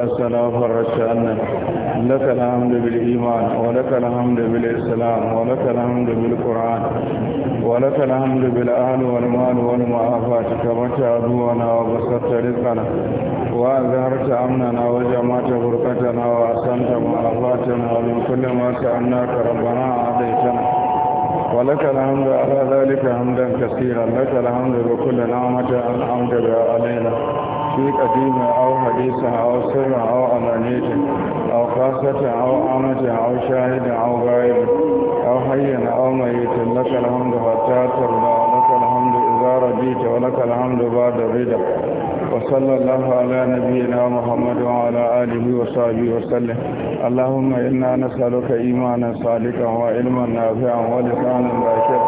السلام فرشت أنك لك الحمد بالإيمان ولك الحمد بالإسلام ولك الحمد بالقرآن ولك الحمد بالأهل والمال والمعافات كبرت عدونا وبسطت رزقنا وأظهرت أمننا وجمعت فرقتنا وأحسنت معافاتنا ومن كل ما سألناك ربنا أعطيتنا ولك الحمد على ذلك حمدا كثيرا لك الحمد بكل نعمة أنعمت بها علينا shi kadima au hadisa au sirra au amalita au fasata au amata au shahida au gaibi au hayyana au mayita lakal hamdu hatatar da lakal hamdu izara bita wa lakal hamdu ba da rida wa sallallahu ala nabiyyina muhammadu wa ala alihi wa sahbihi wa sallam allahumma inna nas'aluka imanan salikan wa ilman nafi'an wa lisanan bashir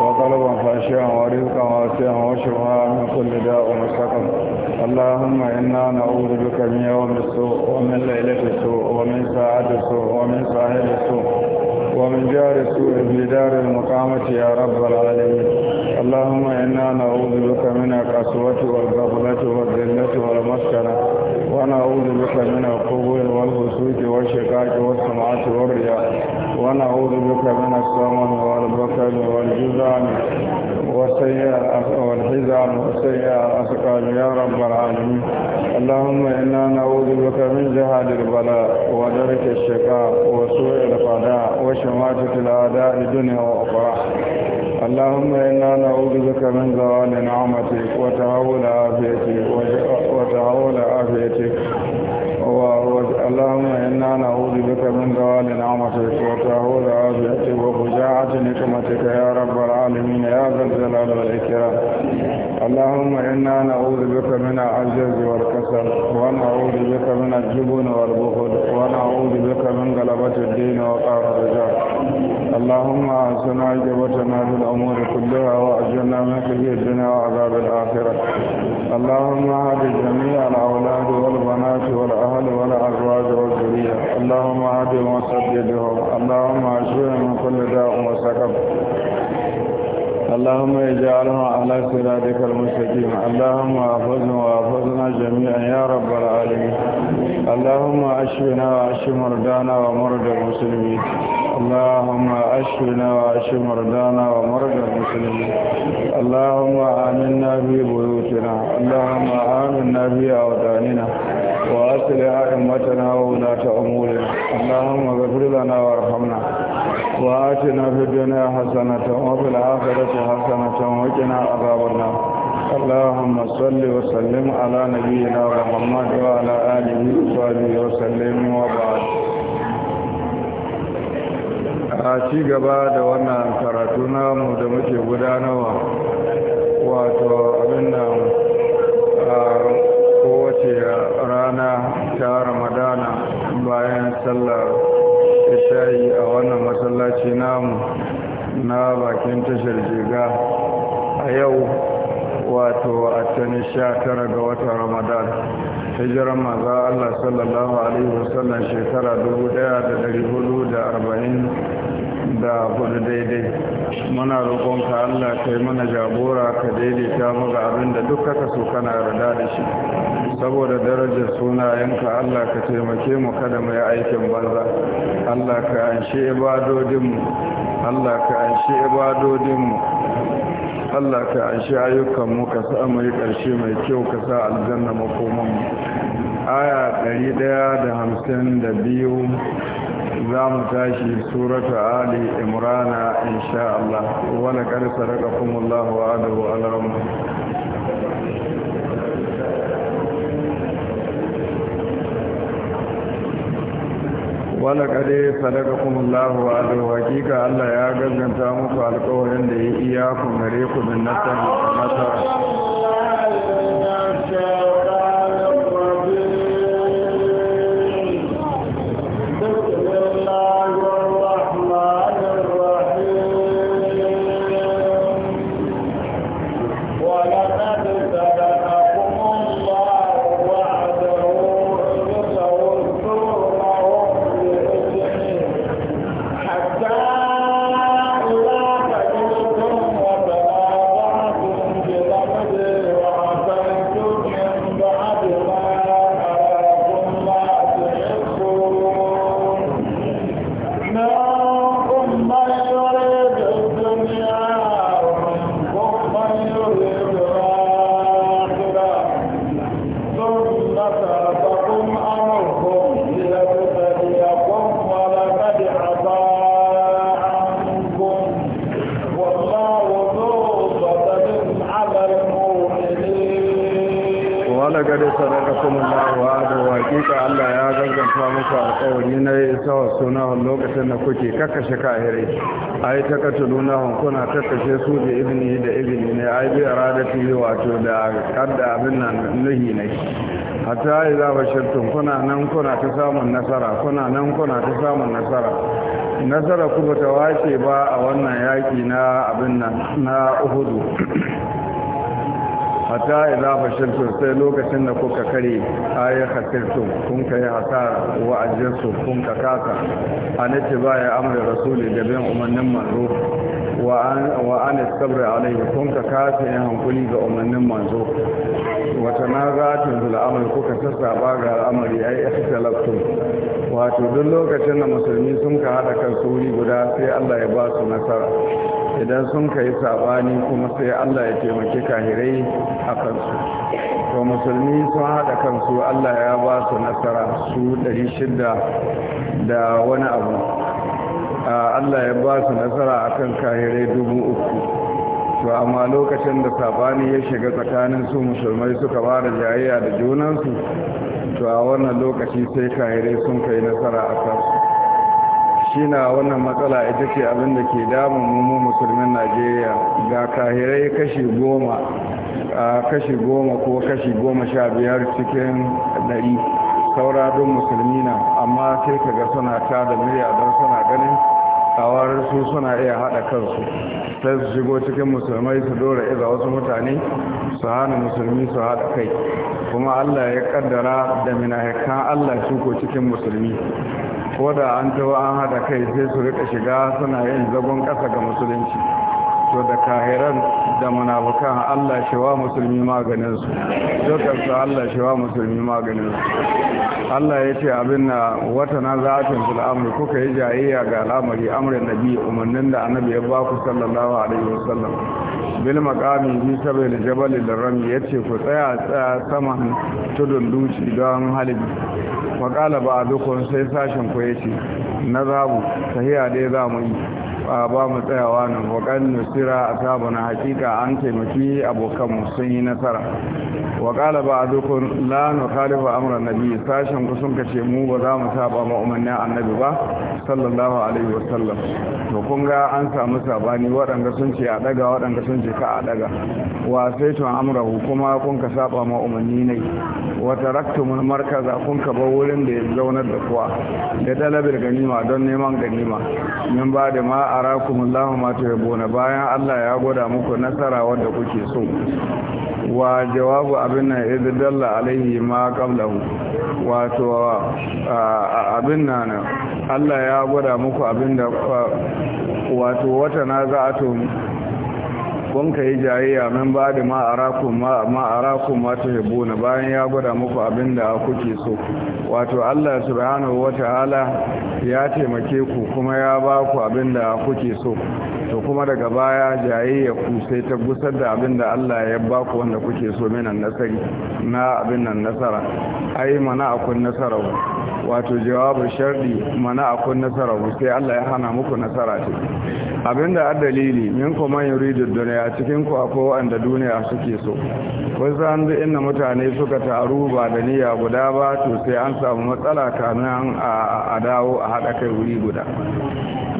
وطلبا فاشيا ورزقا واسعا وشفاء من كل داء ومستقبل اللهم إنا نعوذ بك من يوم السوء ومن ليلة السوء ومن ساعة السوء ومن صاحب السوء ومن جار السوء في دار المقامة يا رب العالمين اللهم إنا نعوذ بك من القسوة والغفلة والذلة والمسكنة ونعوذ بك من القبول والفسوق والشقاق والسمعة والرياء ونعوذ بك من الصمم والبكر والجزام وسيئة والحزام وسيئة أثقال يا رب العالمين اللهم إنا نعوذ بك من جهاد البلاء ودرك الشقاء وسوء القضاء وشماتة الأعداء الدنيا وأخرى اللهم إنا نعوذ بك من زوال نعمتك وتهول عافيتك وتهول عافيتك اللهم إنا نعوذ بك من زوال نعمتك وتعوذ عافيتك وفجاعة نقمتك يا رب العالمين يا ذا الجلال والإكرام اللهم إنا نعوذ بك من العجز والكسل ونعوذ بك من الجبن والبخل ونعوذ بك من غلبة الدين وقهر الرجال اللهم أعزنا إجابتنا في الأمور كلها وأجرنا من خزي الدنيا وعذاب الآخرة اللهم هد جميع الأولاد والبنات والأهل والأزواج والذرية اللهم هدهم وسددهم اللهم أشفهم من كل داء وسقم اللهم اجعلها على صراطك المستقيم اللهم احفظنا واحفظنا جميعا يا رب العالمين اللهم اشفنا واشف مرضانا ومرضى المسلمين اللهم اشفنا واشف مرضانا ومرضى المسلمين اللهم امنا في بيوتنا اللهم امنا في اوطاننا واصلح ائمتنا وولاة امورنا اللهم اغفر لنا وارحمنا وآتنا في الدنيا حسنة وفي الآخرة حسنة وقنا عذاب النار اللهم صل وسلم على نبينا محمد وعلى آله وصحبه وسلم وبعد a ci gaba da wannan karatu namu da muke gudanarwa wato abin nan wace rana ta ramadana bayan sallar isai a wannan masallaci namu na bakin tashar jiga a yau wato a tani sha tara ga watan ramadan hijiran maza allah sallallahu alaihi wasallam shekara 1440 da hudu daidai muna roƙonka Allah kai mana jagora ka daidaita ta ga abin da duk kaka so kana rada da shi saboda darajar sunayenka Allah ka taimake mu kada mu yi aikin banza Allah ka anshe ibadodinmu Allah ka anshe ibadodinmu Allah ka anshe ayyukanmu ka sa mu yi ƙarshe mai kyau ka sa aljanna makomanmu aya 152 za mu tashi suratu ali imrana insha Allah wala kar sarakakum Allah wa adahu ala rahmah wala kade sadakakum Allah wa adahu hakika Allah ya gaskanta muku alƙawarin da ya iya ku gare ku bin nasara kuke kakkashe kahirai ai ta katuluna nuna kuna kakashe su da izini da izini ne ai bi aradati wato da kadda abin nan nuhi ne hatta idza bashartum kuna nan kuna ta samun nasara kuna nan kuna ta samun nasara nasara kuma ta wace ba a wannan yaki na abin nan na uhudu hatta idza fashiltum sai lokacin da kuka kare ayi khasirtum kun kai hasara wa ajirsu kun ka kasa ba ya amri rasuli da bin umannin manzo wa an wa an sabra alaihi kun ka kasa yin hankuli ga umannin manzo wata na zatin zul'amal kuka ba ga al'amari ai ikhtalaftum wato duk lokacin da musulmi sun ka hada kan suri guda sai Allah ya ba su nasara idan sun ka yi saɓani kuma sai allah ya taimaki kahirai a kansu to musulmi sun haɗa kansu allah ya ba su nasara su 600 da wani abu allah ya ba su nasara kan kahirai dubu uku to amma lokacin da sabani ya shiga tsakanin su musulmai suka fara jayayya da junansu to a wannan lokaci sai kahirai sun kai nasara a kansu shina wannan matsala ita ce abin da ke damun mummu musulmin najeriya ga kahirai kashi goma kashi goma ko kashi goma sha biyar cikin ɗari saura don musulmi na amma sai kaga suna ta da murya don suna ganin kawar su suna iya haɗa kansu sai su shigo cikin musulmai su dora iza wasu mutane su hana musulmi su haɗa kai kuma allah ya kaddara da minahikan allah shuko cikin musulmi ko da an tawo an haɗa kai sai su rika shiga suna yin zagon ƙasa ga musulunci to da kahiran da munafukan Allah wa musulmi maganin su dukkan su Allah wa musulmi maganin su Allah ya ce abin na wata na zatin fil amri kuka yi jayayya ga al'amari amrin nabi umarnin da annabi ya baku sallallahu alaihi wasallam bil maqami bi sabil jabal al ya yace ku tsaya tsaya saman tudun duci don halibi wa qala ba'dukum sai sashin ku yace na zabu sahiya dai za mu yi ba mu tsayawa nan waƙan nusira a sabana hakika an taimaki abokanmu sun yi nasara waƙala ba a dukkan lanu khalifa amuran nabi sashen kusan ce mu ba za mu saba ma'amannin annabi ba sallallahu alaihi wasallam to kun ga an samu sabani waɗanda sun ce a ɗaga waɗanda sun ce ka a ɗaga wa sai tun amurahu kuma kun ka saba ma'amanni ne wata raktumul markaza kun ka bar wurin da ya zaunar da kuwa da talabar ganima don neman ganima min ba da ma arakumullahu ma tuhibbuna bayan Allah ya gwada muku nasara wanda kuke so wa jawabu abin nan idalla alaihi ma qablahu wato abin nan Allah ya gwada muku abin da wato wata na naza'atun kun ka yi jayayya min ba da ma'arakun ma'arakun mata na bayan ya gwada muku abin da kuke so wato allah subhanahu wata ta'ala ya taimake ku kuma ya ba ku abin da kuke so to kuma daga baya jayayya ku sai ta gusar da abin da allah ya ba ku wanda kuke so minan nasari na abin nan nasara ai mana akun nasara wato jawabin sharɗi mana akun nasara sai Allah ya hana muku nasara ce abinda a dalili min kuma yin ridin duniya cikin ku akwai wanda duniya suke so kun an zai inda mutane suka taru ba da niyya guda ba to sai an samu matsala kanan a dawo a haɗa kai wuri guda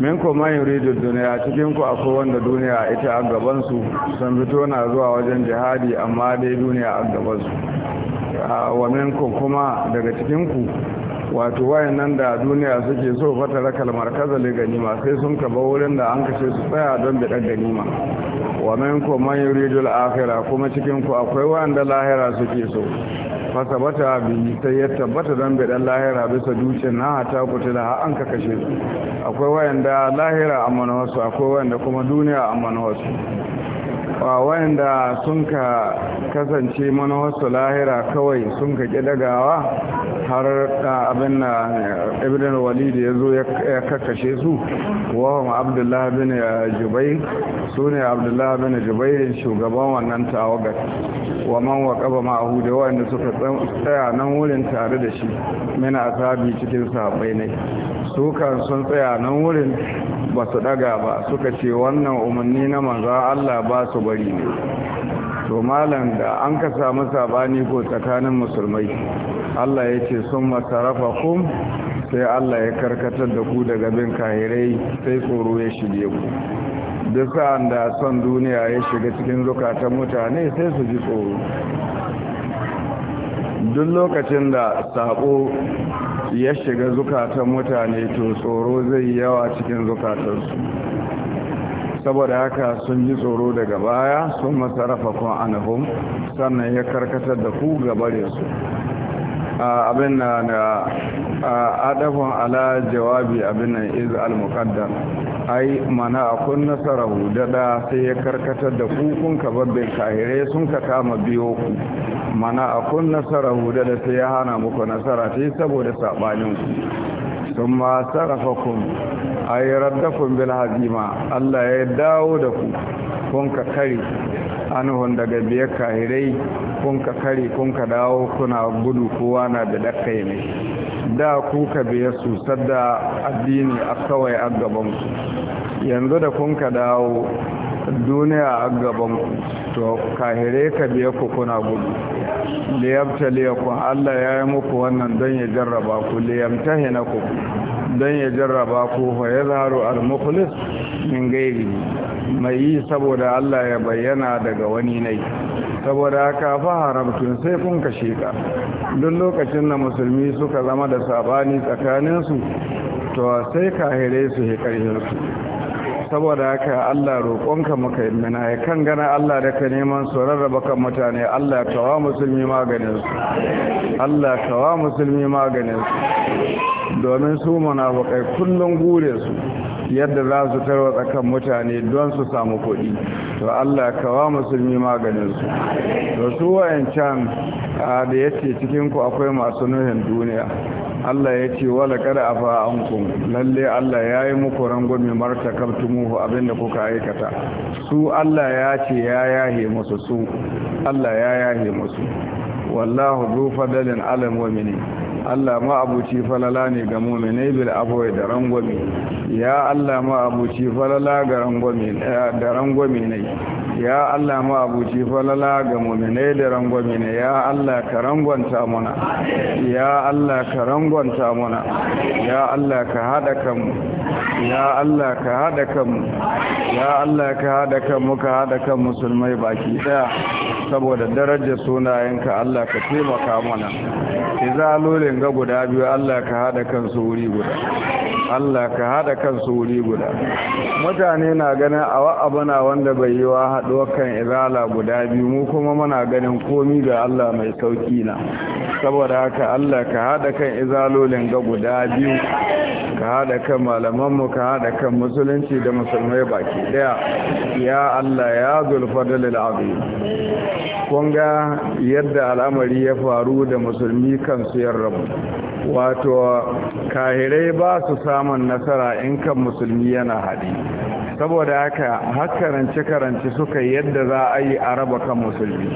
min kuma yin ridin duniya cikin ku akwai wanda duniya ita a gabansu sun fito na zuwa wajen jihadi amma dai duniya a gabansu wa minkum kuma daga cikinku wato nan da duniya suke so fata rakal markaza le ganima sai sun kaba wurin da an kace su tsaya don bidan ganima wa man ko man yuridul akhirah kuma cikin ku akwai wanda lahira suke so bata bi sai ya tabbata don bidan lahira bisa dukin na ku kuta har an kashe su akwai da lahira amma na wasu akwai wanda kuma duniya amma na wasu wayanda sun ka kasance manawarsu lahira kawai sun ka dagawa har abin da ibn walid ya zo ya kakashe su wawan abdullah bin eh, jubai su ne abdullah bin jubair shugaban wannan tawagar wa man waqaba ma'ahu da wayanda suka tsaya nan wurin tare da shi mina asabi cikin sabai ne su kan sun tsaya nan wurin ba su daga ba suka ce wannan umarni na manza Allah ba su bari ne to malam da an ka samu sabani ko tsakanin musulmai Allah ya ce sun masarafa kum sai Allah ya karkatar da ku daga bin kahirai sai tsoro ya shige ku duk sa'an da son duniya ya shiga cikin zukatan mutane sai su ji tsoro duk lokacin da sabo ya shiga zukatan mutane to tsoro zai yawa cikin zukatansu saboda haka sun yi tsoro daga baya sun masarafa kun anahum sannan ya karkatar da ku gabarinsu abin na na adafin ala jawabi abin nan iz al muqaddam ai mana akun nasarahu dada sai ya karkatar da ku kun ka babbin kahire sun ka kama biyo ku mana akun nasarahu dada sai ya hana muku nasara sai saboda sabanin ku ma. صرفكم أي ردكم dawo da ku. Kun ka كري anuhun daga biyar kahirai kun ka kare kun ka dawo kuna gudu kowa na da dakai ne da ku ka biya su sadda addini a kawai a gabanku yanzu da kun ka dawo duniya a gaban to kahire ka biya ku kuna gudu liyabtaliya ku Allah ya yi muku wannan don ya jarraba ku hina ku don ya jarraba ku ya zaharu al-mukhlis min gairi mai yi saboda Allah ya bayyana daga wani nai saboda haka fa haramtun sai kun kashe ka duk lokacin da musulmi suka zama da sabani tsakaninsu to sai kahirai su he su saboda haka Allah roƙonka muka yi mana ya kan gana Allah da ka neman su rarraba kan mutane Allah wa musulmi maganin su Allah wa musulmi maganin su domin su munafukai kullum gure su yadda za su tarwatsa kan mutane don su samu kuɗi to Allah wa musulmi maganin su to su wayancan da yace cikin ku akwai masu nuhin duniya Allah ya ce wala kada afa ankum lalle Allah ya yi muku mai marta kaftumuhu abinda kuka aikata su Allah ya ce ya yahe musu su Allah ya yahe musu wallahu zufa dalin alamomi ne Allah ma abuci falala ne ga mu'minai bil abwai da rangwami. ya Allah ma abuci falala ga rangwami eh, da rangwami ne ya Allah ma abuci falala ga mumine da rangwami ne ya Allah ka rangwanta muna ya Allah ka rangwanta muna ya Allah ka hada kanmu ya Allah ka hada kanmu ya Allah ka hada kanmu ka hada kan musulmai baki daya saboda darajar sunayenka Allah ka taimaka mana izalule ɓangarorin ga guda biyu Allah ka haɗa kansu wuri guda Allah ka haɗa kansu wuri guda mutane na ganin awa abana wanda bai yi wa haɗuwar kan izala guda biyu mu kuma muna ganin komi ga Allah mai sauki na saboda haka Allah ka haɗa kan izalolin ga guda biyu ka haɗa kan malamanmu ka haɗa kan musulunci da musulmai baki ɗaya ya Allah ya zulfadalil azim kun ga yadda al'amari ya faru da musulmi kansu yan rabu wato kahirai ba su samun nasara in kan musulmi yana haɗi saboda haka hakaranci-karanci suka yadda za a yi a raba kan musulmi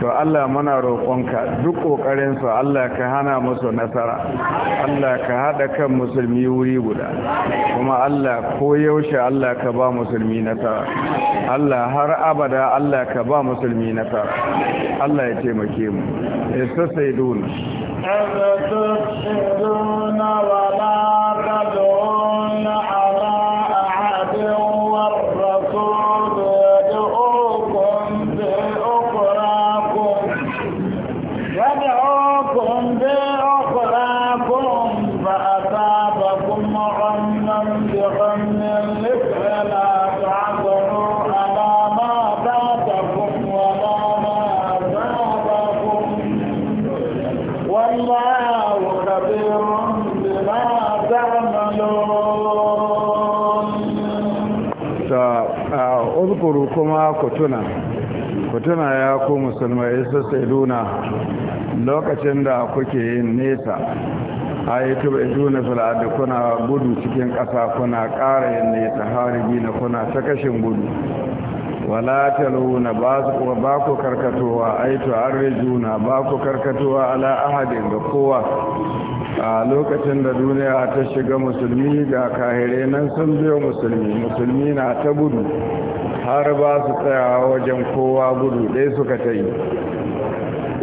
to Allah muna roƙonka duk ƙoƙarinsu Allah ka hana musu nasara Allah ka haɗa kan musulmi wuri guda kuma Allah ko yaushe Allah ka ba musulmi nasara Allah har abada Allah ka ba musulmi nasara Allah ya taimake mu sai أن تفسدون ولا Kutuna ya ku musulma ya ku musulmai su lokacin da kuke yin nesa a yi tuba iduna fil'adu kuna gudu cikin ƙasa kuna ƙara yin nesa harigi na kuna ta kashin gudu wala taluna ba su ba ku karkatowa har arrijuna ba ku karkatowa ala ahadin ga kowa a lokacin da duniya ta shiga musulmi ga kahire nan sun biyo musulmi musulmi na ta gudu har ba su tsayawa wajen kowa gudu ɗaya suka ta yi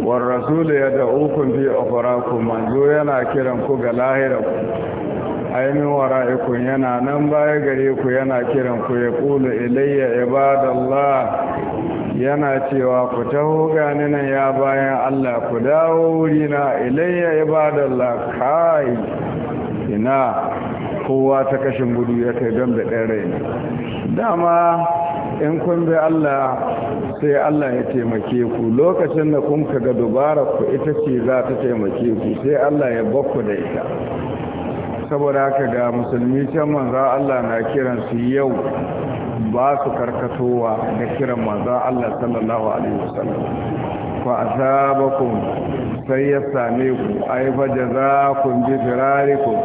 war rasulu ya da ukun fi ofaraku manzo yana kiran ku ga lahira ku ainihin wara'ikun yana nan baya gare ku yana kiran ku ya ƙulu ilayya ibadallah yana cewa ku taho gani nan ya bayan Allah ku dawo wurina ilayya ibadallah kai ina kowa ta kashin gudu ya kai don da ɗan rai dama in kun bi Allah sai Allah ya taimake ku lokacin da kun kaga dubara ku ita ce za ta taimake ku sai Allah ya bakku da ita saboda haka ga musulmi can manza Allah na kiran su yau ba su karkatowa da kiran manza Allah sallallahu alaihi wasallam fa azabakum sai ya same ku ai fa jazakum bi firarikum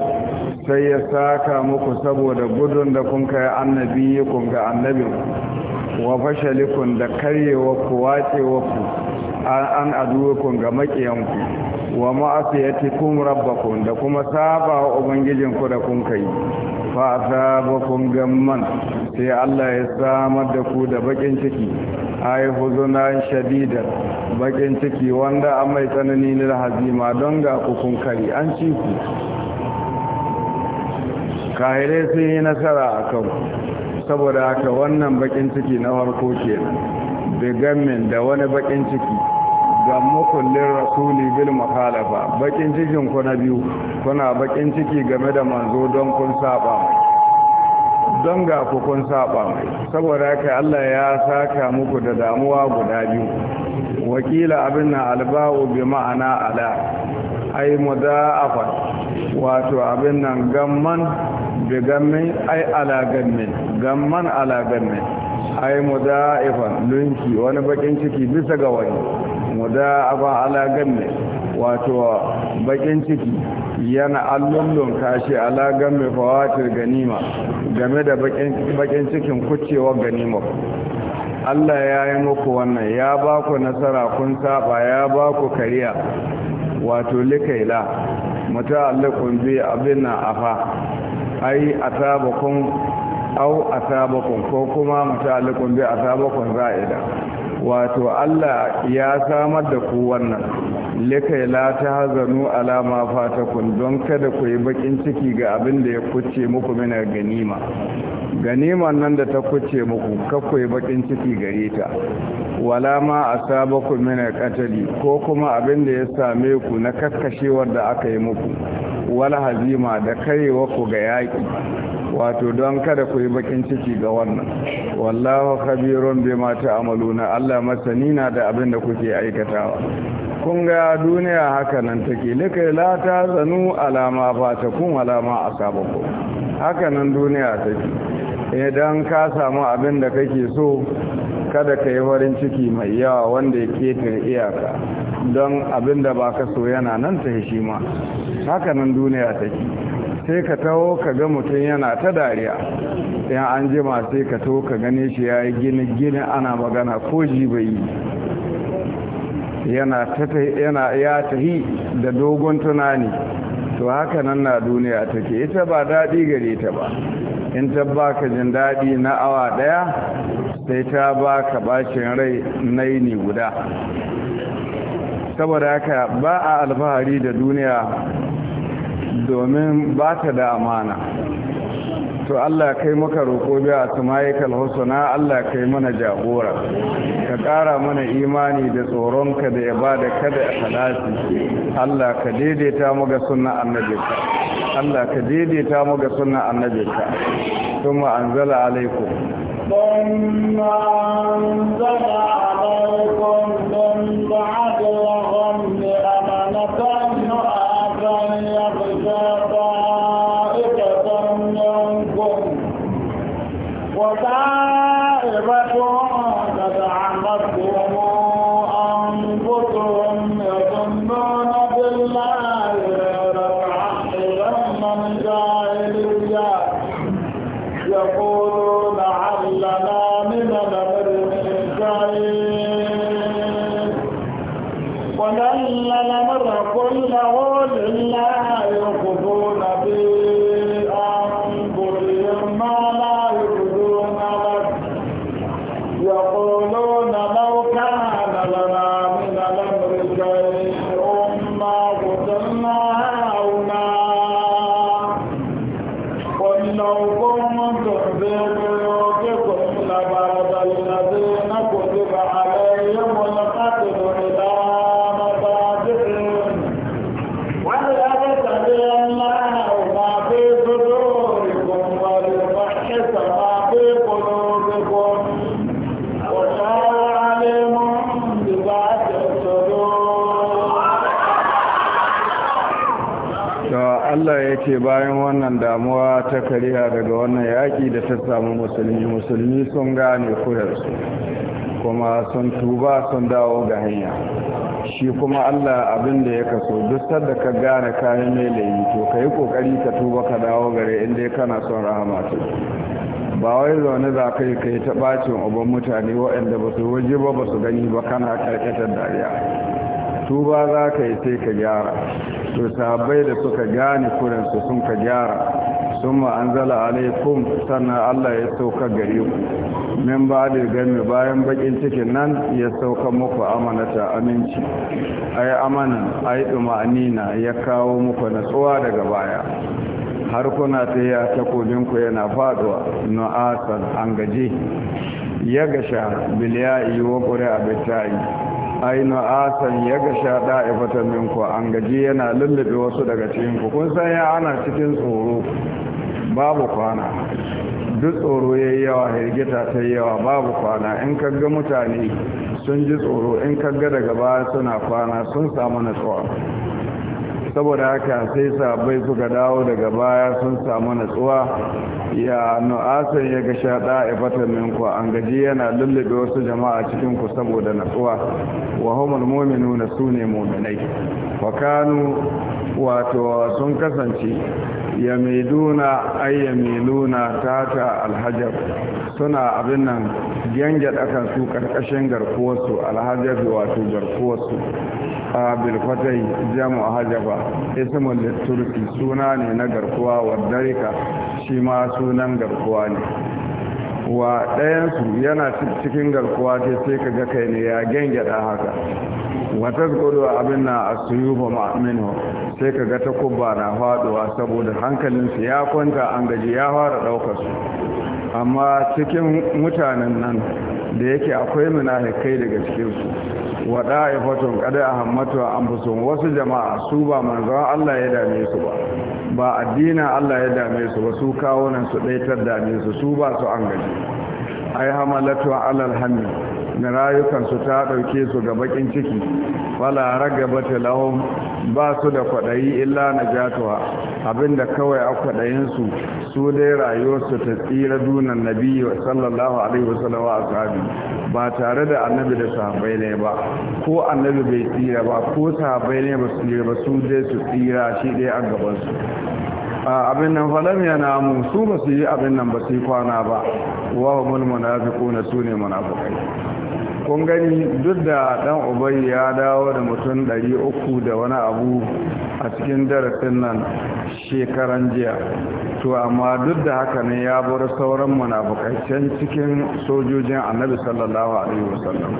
sai ya saka muku saboda gudun da kun kai annabi kun ga annabin wa fashalikun da karyewa ku watsewa ku an aduwakun ga makiyanku wa ma'asiyatikum rabbakum da kuma saba wa ubangijinku da kun kai fa asabakum gamman sai Allah ya samar da ku da bakin ciki ai huzuna shadida bakin ciki wanda an mai tsanani na hazima don ga ku kun kai an ci ku kahirai sun yi nasara a kanku saboda haka wannan bakin ciki na harko ke bigammin da wani bakin ciki ga makullin rasuli bil makalafa bakin cikin ku na biyu kuna bakin ciki game da manzo don kun saba don ga ku kun saba saboda haka Allah ya saka muku da damuwa guda biyu wakila abin na alba'u bi ma'ana ala ai muda'afa wato abin nan gamman bi gamme ai ala gamme gamman ala gamme ai mudaafa lunki wani bakin ciki bisa ga wani muda'afa ala gamme wato bakin ciki yana allullun kashi ala gamme fawatir ganima game da bakin cikin kucewar ganima Allah ya yi muku wannan ya ba ku nasara kun saba ya ba ku kariya wato likaila muta'alliqun bi abin afa ai asabakum aw asabakum ko kuma muta'alliqun bi asabakum za'ida wato Allah ya samar da ku wannan likaila ta hazanu alama fatakun don kada ku yi bakin ciki ga abin da ya kuce muku mina ganima ganima nan da ta kuce muku kakwai bakin ciki gare ta wala ma asabaku min qatali ko kuma abin da ya same ku na kaskashewar da aka yi muku wala hazima da karewa ku ga yaƙi. wato don kada ku yi bakin ciki ga wannan wallahu khabirun bima ta'maluna Allah masani na da abin da kuke aikatawa kun ga duniya haka nan take lika la ta zanu alama ba ta kun alama asabaku haka nan duniya take idan ka samu abin da kake so kada ka yi farin ciki mai yawa wanda ya ketare iyaka don abin da ba ka so yana nan ta shi ma hakanan duniya ta ke, sai ka taho ka ga mutum yana ta dariya yan an jima sai ka taho ka gane shi ya yi gini-gini ana magana ko yi yana ya tahi da dogon tunani to hakanan na duniya take ita ba daɗi gare ta ba in ta baka jin daɗi na awa ɗaya sai ta baka bacin rai na yini guda saboda haka ba a alfahari da duniya domin ba ta da amana to Allah kai maka roƙo biya a tumayikal husna Allah kai mana jagora ka ƙara mana imani da tsoronka da ibada kada a halasi Allah ka daidaita mu ga sunna annabinka Allah ka daidaita mu ga sunna annabinka thumma anzala alaikum thumma anzala alaikum min ba'di ghammi amanatan yu'afan yabshatan وسائرة قد عمدتم ta kariya daga wannan yaƙi da ta samu musulmi musulmi sun gane kurarsu kuma sun tuba sun dawo ga hanya shi kuma allah abin da ya kaso duk sanda ka gane kayan mai layi to ka yi ƙoƙari ka tuba ka dawo gare inda kana son rahama ce ba wai zaune za ka yi ka yi ta ɓacin uban mutane waɗanda ba su waje ba ba su gani ba kana ƙarƙatar dariya tuba za ka yi sai ka gyara to sabai da suka gane kuransu sun ka gyara sun ma'anzala alaikum sannan Allah ya sauka gare ku min ba da game bayan bakin cikin nan ya sauka muku amanata aminci ai amanan ai dumanina ya kawo muku natsuwa daga baya har kuna ta yi a takobinku yana faduwa nu'asan an gaji ya gasha biliyayi wa ƙuri a bitayi ainu asan ya gasha da'ifatan minku an gaji yana lullube wasu daga cikinku kun san ya ana cikin tsoro babu kwana duk tsoro ya yi yawa hirgita ta yi yawa babu kwana in kagga mutane sun ji tsoro in kagga daga baya suna kwana sun samu natsuwa saboda haka sai sabai suka dawo daga baya sun samu natsuwa ya nu'asan ya ga sha da'ifatan minku an gaji yana lullube wasu jama'a cikin ku saboda natsuwa wa humul mu'minuna sune mu'minai wa kanu wato sun kasance yamiluna ay yamiluna tata alhajar suna abin nan gyangyaɗa kan su karkashin garkuwarsu alhajar wato garkuwarsu Litturki suna ne na garkuwa سنان shi ma sunan sunan ne wa ɗayansu yana cikin garkuwa ce sai ka ga kai ne ya gengada haka wata gudu abin na a ba ma'amino sai ka ga ta kubba na faduwa saboda hankalinsu ya kwanta an gaji ya fara ɗaukarsu amma cikin mutanen nan da yake akwai kai daga cikinsu wa a qad a anfusuhum wasu jama'a su ba manzon Allah ya dame su ba ba addina Allah ya dame su ba su kawo nan su ɗaitar dame su su ba su an gaji ai hamalatu alal hannu. na rayukansu ta ɗauke su ga bakin ciki wala ragaba lahum ba su da kwaɗayi illa na jatuwa abinda kawai a kwaɗayinsu su dai rayuwarsu ta tsira dunan nabi sallallahu alaihi wasallam a sahabi ba tare da annabi da sahabbai ne ba ko annabi bai tsira ba ko sahabbai ne ba su tsira ba su dai su tsira shi dai a gabansu abin nan falam ya namu su ba su yi abin nan ba su yi kwana ba wa su ne munafiqai kun gani duk da dan ubai ya dawo da mutum 300 da wani abu a cikin darasin nan shekaran jiya to amma duk da haka ne ya bar sauran munafukancen cikin sojojin annabi sallallahu alaihi wasallam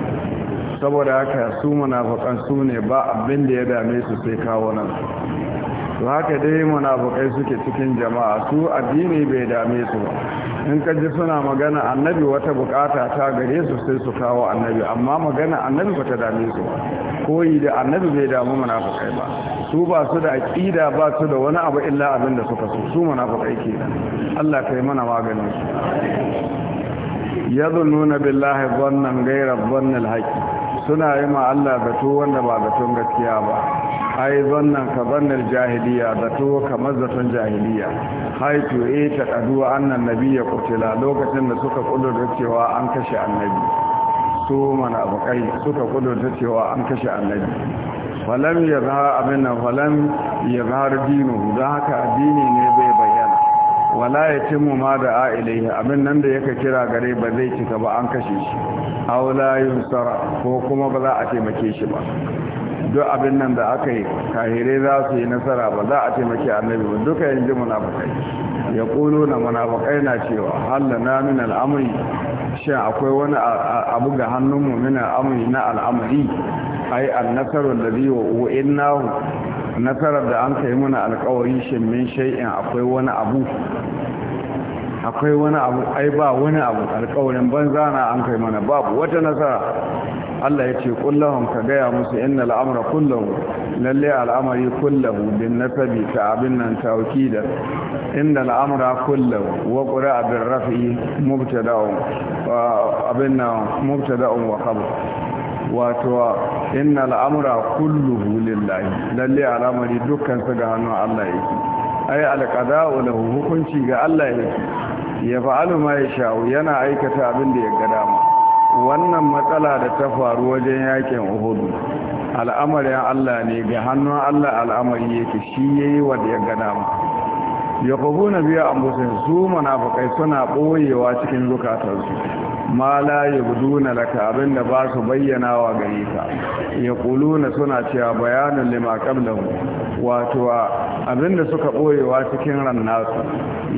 saboda haka su munafukan su ne ba abin da ya dame su sai kawo nan to haka dai munafukai suke cikin jama'a su addini bai dame su ba in ka ji suna magana annabi wata bukata ta gare su sai su kawo annabi amma magana annabi ba ta dame su ba koyi da annabi bai damu munafukai ba su ba su da aqida ba su da wani abu illa abin da suka so su munafukai kenan Allah kai mana maganin su yadhunnuna billahi dhannan ghayra dhannil haqq suna yi ma Allah zato wanda ba zaton gaskiya ba ai zannan ka zannar jahiliya zato kamar zaton jahiliya haitu e eh, ta kaduwa annan nabi ya kutila lokacin da suka kudurta cewa an kashe annabi su mana bakai suka kudurta cewa an kashe annabi falam ya zaha abin nan falam ya dinu don haka addini ne bai bayyana wala ya ma da a'ilai, abin nan da yaka kira gare ba zai cika ba an kashe shi aw la ko kuma ba za a taimake shi ba duk abin nan da aka yi kahire za su yi nasara ba za a taimake annabi ba duka yanzu munafakai ya kulo na munafakai na cewa hallana min al'amari shin akwai wani abu ga hannunmu min al'amari na al'amari ai annasarar da biyu wa innahu nasarar da an kai muna alkawari shin min akwai wani abu akwai wani abu ai ba wani abu alƙawarin banza na an kai mana babu wata nasara Allah ya ce kullahum ka gaya musu inna al'amra kullahu lalle al'amari kullahu bin nasabi ta abin nan ta da inna al'amra kullahu wa ƙura abin raf'i mubta abin nan wa kabu wato inna al'amra kullahu lillahi lalle al'amari dukkan su ga hannun Allah ce ai alqada'u lahu hukunci ga Allah yake ya fa'alu ma yasha'u yana aikata abin da ya ga dama wannan matsala da ta faru wajen yakin Uhud al'amarin Allah ne ga hannun Allah al'amari yake shi yayi wanda ya ga dama yaqubuna biya ambusin su munafikai suna boyewa cikin zukatansu ma la yabduna laka abinda ba su bayyana wa gari ka yaquluna suna cewa bayanan lima qablahu wato Abin da suka boyewa cikin rannasu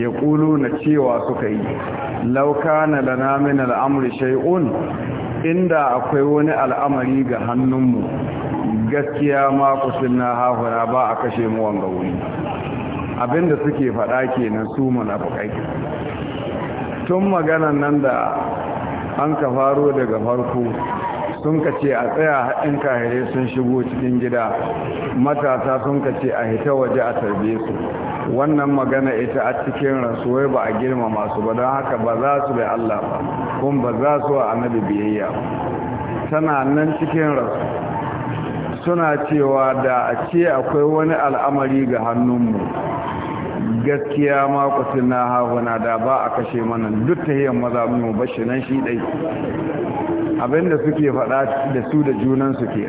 ya kulu na cewa suka yi lauka na da namin al'amuri shai'un inda akwai wani al'amari ga hannunmu gaskiya ma kusur na hafura ba a kashe mu wanga wuri abinda suke faɗa kenan su munafukai tun maganan nan da an ka faro daga farko sun ka ce a tsaya haɗin kahire sun shigo cikin gida matasa sun ka ce a hita waje a tarbe su wannan magana ita a cikin rasuwai ba a girma masu ba don haka ba za su bai Allah ba kuma ba za su wa annabi biyayya tana nan cikin rasu suna cewa da a ce akwai wani al'amari ga hannunmu gaskiya ma kusin na haguna da ba a kashe mana duk ta hiyar maza mu bashi nan shi ɗai abinda suke faɗa da su da junansu ke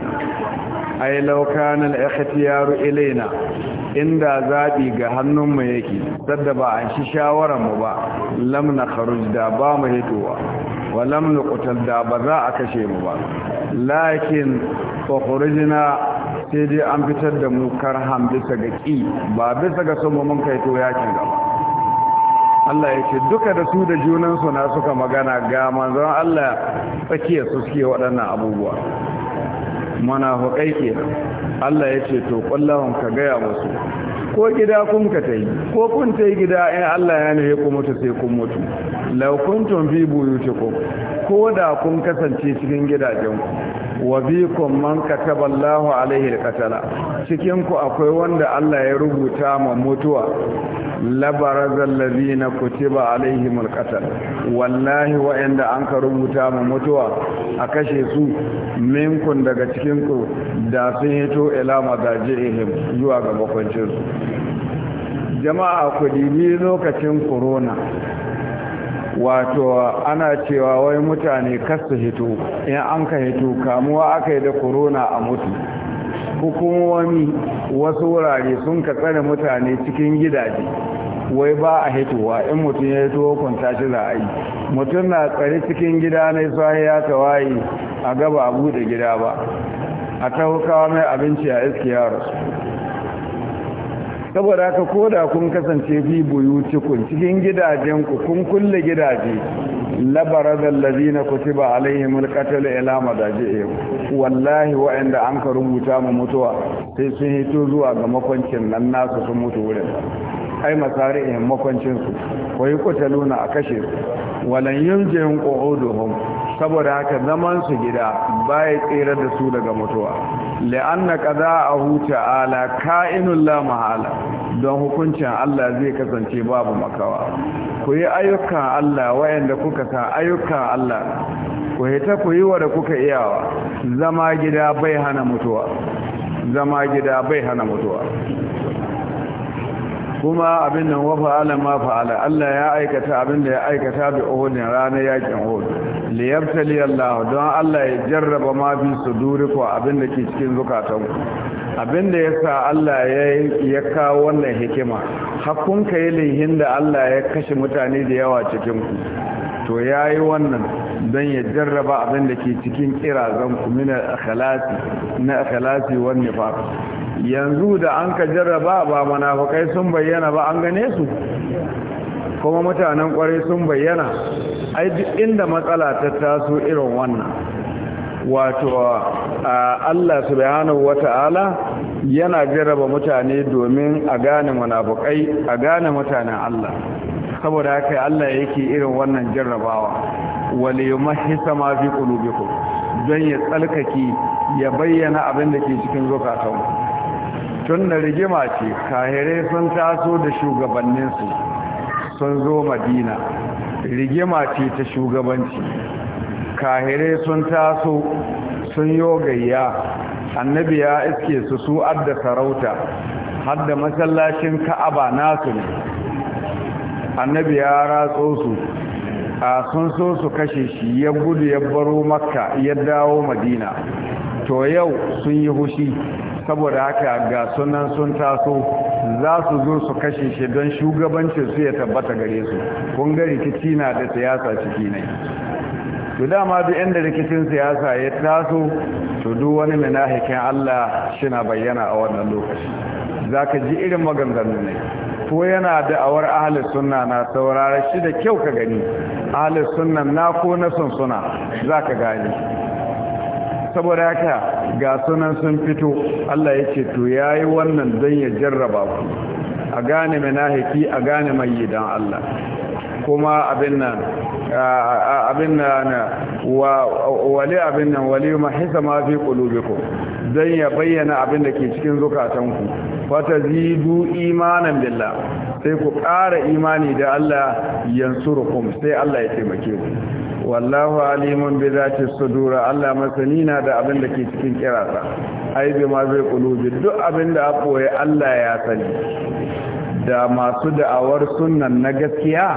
ai na ikhtiyaru ilaina inda zabi ga hannunmu yake sadda ba an shi mu ba lamna kharuj da ba mu hitowa wa lamna qutal da ba za a kashe mu ba lakin fa khurujna sai dai an fitar da mu karham bisa ga ki ba bisa ga sun mun kai to ya yakin gaba Allah ya ce duka da su da junansu na suka magana ga manzon Allah tsakiyar su suke waɗannan abubuwa munafukai kenan Allah ya ce to ƙwallon ka gaya musu ko gida kun ka yi, ko kun yi gida in Allah ya ne ku mutu sai kun mutu law kuntum fi buyutikum ko da kun kasance cikin gidajen ku wa bikum man kataba Allahu alaihi alqatala cikin ku akwai wanda Allah ya rubuta ma mutuwa labarazal ladina kutiba alaihim alqatal wallahi wa inda an ka rubuta ma mutuwa a kashe su minkun daga cikin da sun hito ila madajihim zuwa ga bakwancin jama'a ku dibi lokacin corona wato ana cewa wai mutane kasta hito in an ka hito kamuwa aka yi da korona a mutu hukumomi wasu wurare sun ka tsare mutane cikin gidaje wai ba a hitowa in mutum ya hito kwanta shi za a mutum na tsare cikin gida na isa ya tawaye a gaba a buɗe gida ba a hukawa mai abinci a iskiyar saboda haka ko da kun kasance fi buyu cikin gidajen ku kun kulle gidaje da labaraz allazina kutiba alaihimul qatl ila madajihim wallahi wa'anda an ka rubuta mu mutuwa sai sun hito zuwa ga makwancin nan nasu sun mutu wurin ai masari'in makwancin su wai kutaluna a kashe su walan yunjin qu'uduhum saboda haka zaman su gida baya tsira da su daga mutuwa la'anna qada'ahu ta'ala ka'inul la mahala don hukuncin Allah zai kasance babu makawa ku yi ayyukan Allah wayanda kuka san ayyukan Allah ku hita ku yi wa da kuka iyawa zama gida bai hana mutuwa zama gida bai hana mutuwa kuma abin nan wa fa'ala ma fa'ala Allah ya aikata abin da ya aikata bi Uhudin ranar yakin Uhud li yabtali Allah don Allah ya jarraba ma bi sudurikum abin da ke cikin zukatanku abin da yasa Allah ya ya kawo wannan hikima hakkun kai lihin da Allah ya kashe mutane da yawa cikin ku to ya yi wannan don ya jarraba abin da ke cikin zan kumi na akhalasi wani ba yanzu da an ka jarraba ba manafakai sun bayyana ba an gane su kuma mutanen kwarai sun bayyana ai duk inda matsala ta taso irin wannan wato Allah subhanahu wata'ala yana jarraba mutane domin a gane manafakai a gane mutanen Allah saboda haka Allah yake irin wannan jarrabawa wal yumahhisa ma fi qulubikum don ya tsalkaki ya bayyana abin da ke cikin zukatan tun da rigima ce kahire sun taso da shugabanninsu sun zo madina rigima ce ta shugabanci kahire sun taso sun yo gayya annabi ya iske su su adda sarauta hadda masallacin ka'aba nasu ne annabi ya ratso su a sun so su kashe shi ya gudu ya baro makka ya dawo madina to yau sun yi hushi saboda haka ga sunan sun taso za su zo su kashe shi don shugabancin su ya tabbata gare su kun rikici na da siyasa ciki ne to dama duk inda rikicin siyasa ya taso to duk wani mai munafikin Allah shi na bayyana a wannan lokaci za ka ji irin maganganu ne ko yana da'awar ahalar sunna na saurara shi da kyau ka gani ahalar sunna na ko na sun suna za ka gani saboda haka ga sunan sun fito Allah ya ce to ya yi wannan don ya jarraba ku a gane mai nahiki, a gane mai don Allah kuma abin nan abin nan wali abin nan wali mahisa ma fi qulubikum Zan ya bayyana abin da ke cikin zukatanku fata zidu imanan billah sai ku ƙara imani da Allah yansurukum sai Allah ya taimake ku wallahu alimun bi zati sudur Allah masani na da abin da ke cikin kirasa ai bi ma zai qulubi duk abin da a Allah ya sani da masu da'awar sunnan na gaskiya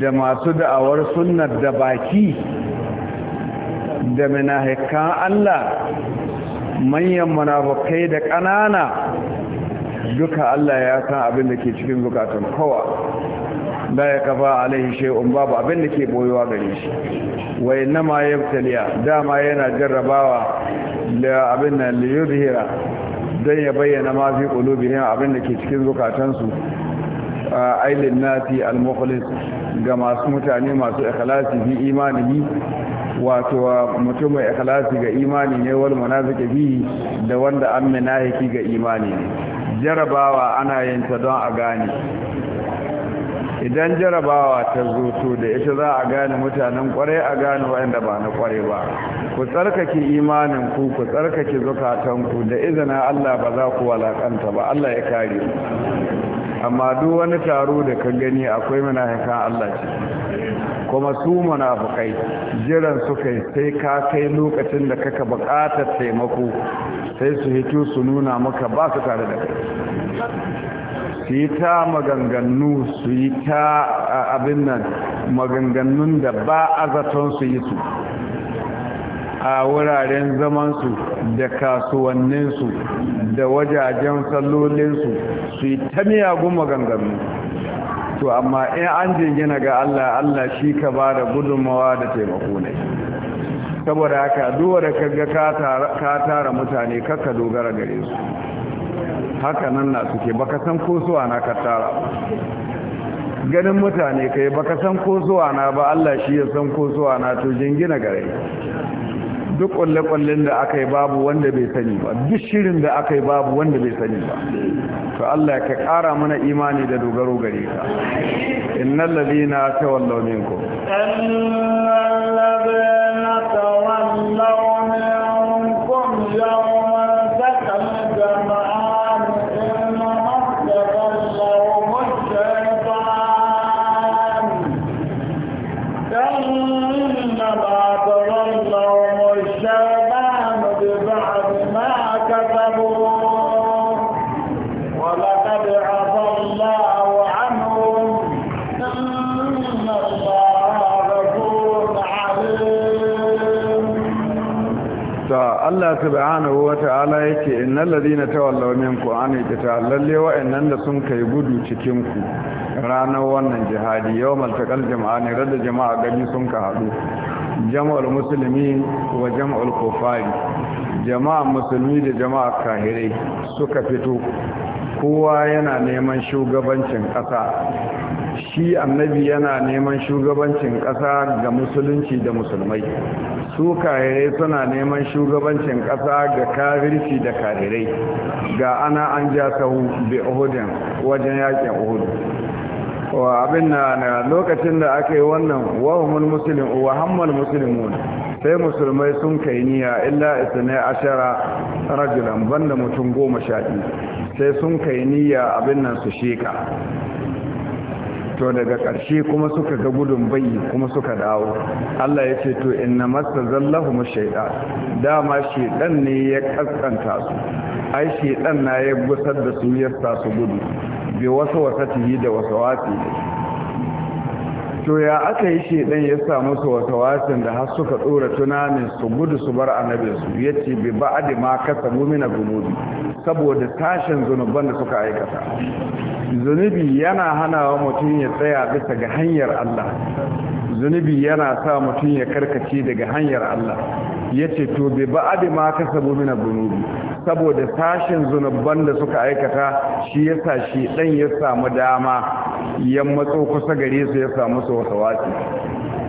da masu da'awar sunnar da baki da munafikan Allah manyan munafukai da ƙanana duka Allah ya san abin da ke cikin zukatan kowa da ya kafa alaihi shay'un babu abin da ke boyewa gare shi na innama yabtaliya dama yana jarrabawa da abin nan liyudhira dan ya bayyana ma fi qulubihim abin da ke cikin zukatansu ailin nati al-mukhlis ga masu mutane masu ikhlasi bi bi wato mutum mai ikhlasi ga imani ne wal munafiki bi da wanda an munafiki ga imani ne jarabawa ana yin ta don a gane idan jarabawa ta zo to da ita za a gane mutanen kwarai a gane waɗanda ba na kwarai ba ku tsarkake imanin ku ku tsarkake zukatan ku da izinin Allah ba za ku walakanta ba Allah ya kare ku amma duk wani taro da ka gani akwai munafikan Allah ce kuma su munafikai jiran su kai sai ka kai lokacin da kaka buƙatar taimako sai su hito su nuna maka ba su tare da kai su yi ta maganganu su yi ta abin nan maganganun da ba a zaton su yi su a wuraren zamansu da kasuwanninsu da wajajen sallolinsu su yi ta miyagun maganganu to amma in an jingina ga Allah Allah shi ka ba da gudunmawa da taimako ne saboda haka duwa da kaga ka tara mutane kakka dogara gare su haka nan na suke baka san ko suwa na ka tara ganin mutane kai baka san ko zuwa na ba Allah shi ya san ko zuwa na to jingina gare duk kwalle-kwallen da aka yi babu wanda bai sani ba duk shirin da aka yi babu wanda bai sani ba to Allah ka kara mana imani da dogaro gare ka innal ladina tawallaw minkum innal ladina tawallaw minkum yawm subhanahu wa ta'ala yake innal ladina tawallaw minkum an qital lalle wa'annan da sun kai gudu cikin ku ranar wannan jihadi yawmal taqal jama'ani radda jama'a gani sun ka hadu jama'ul muslimi wa jama'ul kufari jama'a musulmi da jama'a kahirai suka fito kowa yana neman shugabancin ƙasa shi annabi yana neman shugabancin ƙasa ga musulunci da musulmai su kahirai suna neman shugabancin ƙasa ga kafirci da kafirai ga ana an ja sahu bi uhudin wajen yakin uhudu wa abin na lokacin da aka yi wannan wahumul musulun wa hammal sai musulmai sun kai niyya illa isnai ashara rajulan banda mutum goma sha sai sun kai niyya abin nan su sheka to daga ƙarshe kuma suka ga gudun bayi kuma suka dawo Allah ya ce to inna masa zallahu shaida dama shaidan ne ya ƙasƙanta su ai shaidan na ya gusar da su ya su gudu bi wasa wasatihi da wasawati to ya aka yi shi shedan ya sa musu wata wasan da har suka tsora tunanin su gudu su bar annabin su yace bi ba'd ma kasa min al saboda tashin zunuban da suka aikata zunubi yana hanawa mutum ya tsaya bisa ga hanyar Allah zunubi yana sa mutum ya karkace daga hanyar Allah ya ce to bai ba ma ka sabo mina zunubi saboda sashen zunubban da suka aikata shi ya sa shi dan ya samu dama ya matso kusa gare su ya samu su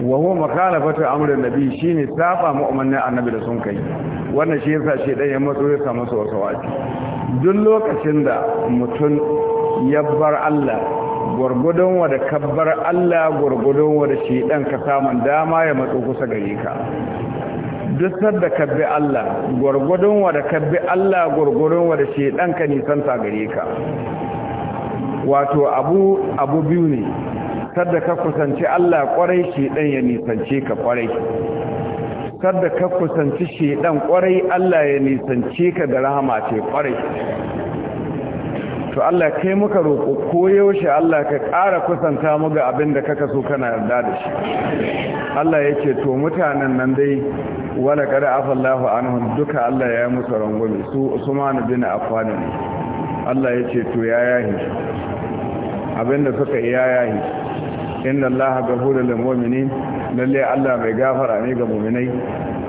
wa huwa makhalafatu amrin nabi shine safa mu'minin annabi da sun kai wannan shi yasa shi dan ya matso ya samu su duk lokacin da mutum ya bar Allah gwargwadon wa da kabbar Allah gwargwadon wa da shi ɗan ka samun dama ya matso kusa gare ka duk sadda kabbi Allah gwargwadon wa da kabbi Allah gwargwadon wa da shi ɗan ka ta gare ka wato abu abu biyu ne sadda ka kusanci Allah kwarai shi ɗan ya nisance ka kwarai sadda ka kusanci shi ɗan kwarai Allah ya nisance ka da rahama ce kwarai to Allah kai muka roƙo koyaushe Allah ka ƙara kusanta mu ga abin da kaka so kana yarda da shi Allah ya ce to mutanen nan dai wala kada afallahu anhum duka Allah ya yi musu rangwame su Usman bin Affan Allah ya to ya yahi abin da suka yi ya yahi inna Allah ghafurul lil mu'minin lalle Allah mai gafara ne ga mu'minai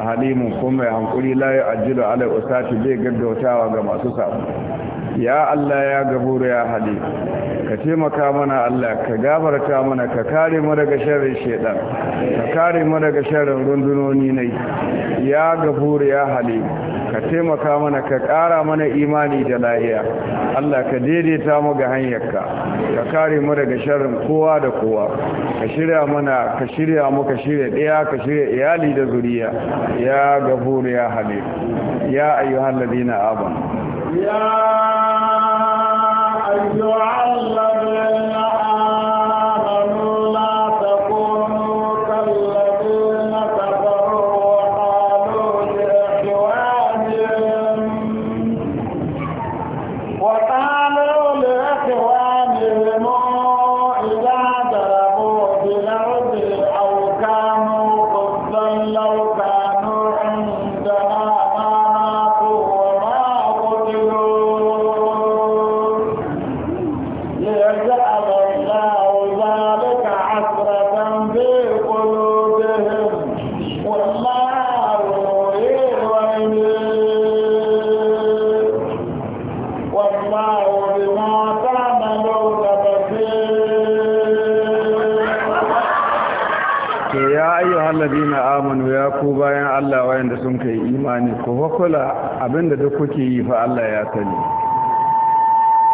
halimun kuma mai hankuri la ajilu ala usati bai gaggautawa ga masu sabo ya Allah ya gaburu ya hali ka taimaka mana Allah ka gabarta mana ka kare mu daga sharrin shaidan ka kare mu daga sharrin rundunoni ne ya gaburu ya hali ka taimaka mana ka ƙara mana imani da lahiya Allah ka daidaita mu ga hanyarka ka kare mu daga sharrin kowa da kowa ka shirya mana ka shirya mu ka shirya ɗaya ka shirya iyali da zuriya ya gaburu ya hali ya ayyuhal ladina amanu ya أيها da duk kuke yi fa Allah ya sani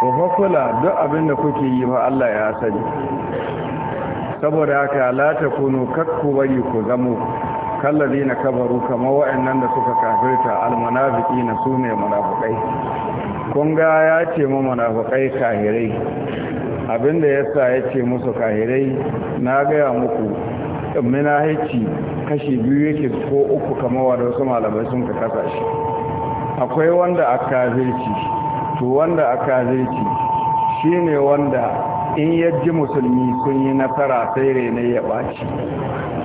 fakula duk abinda kuke yi fa Allah ya sani saboda haka la kunu kakku bari ku zamo na kabaru kama wa'annan da suka kafirta na sune munafiqai kun ga ya ce mu munafiqai kahirai abinda yasa ya ce musu kahirai na gaya muku minahaici kashi biyu yake ko uku kama wa da wasu malamai sun ka kasa akwai wanda a kafirci to wanda a kafirci shine wanda in yajji musulmi sun yi nasara sai rene ya ɓaci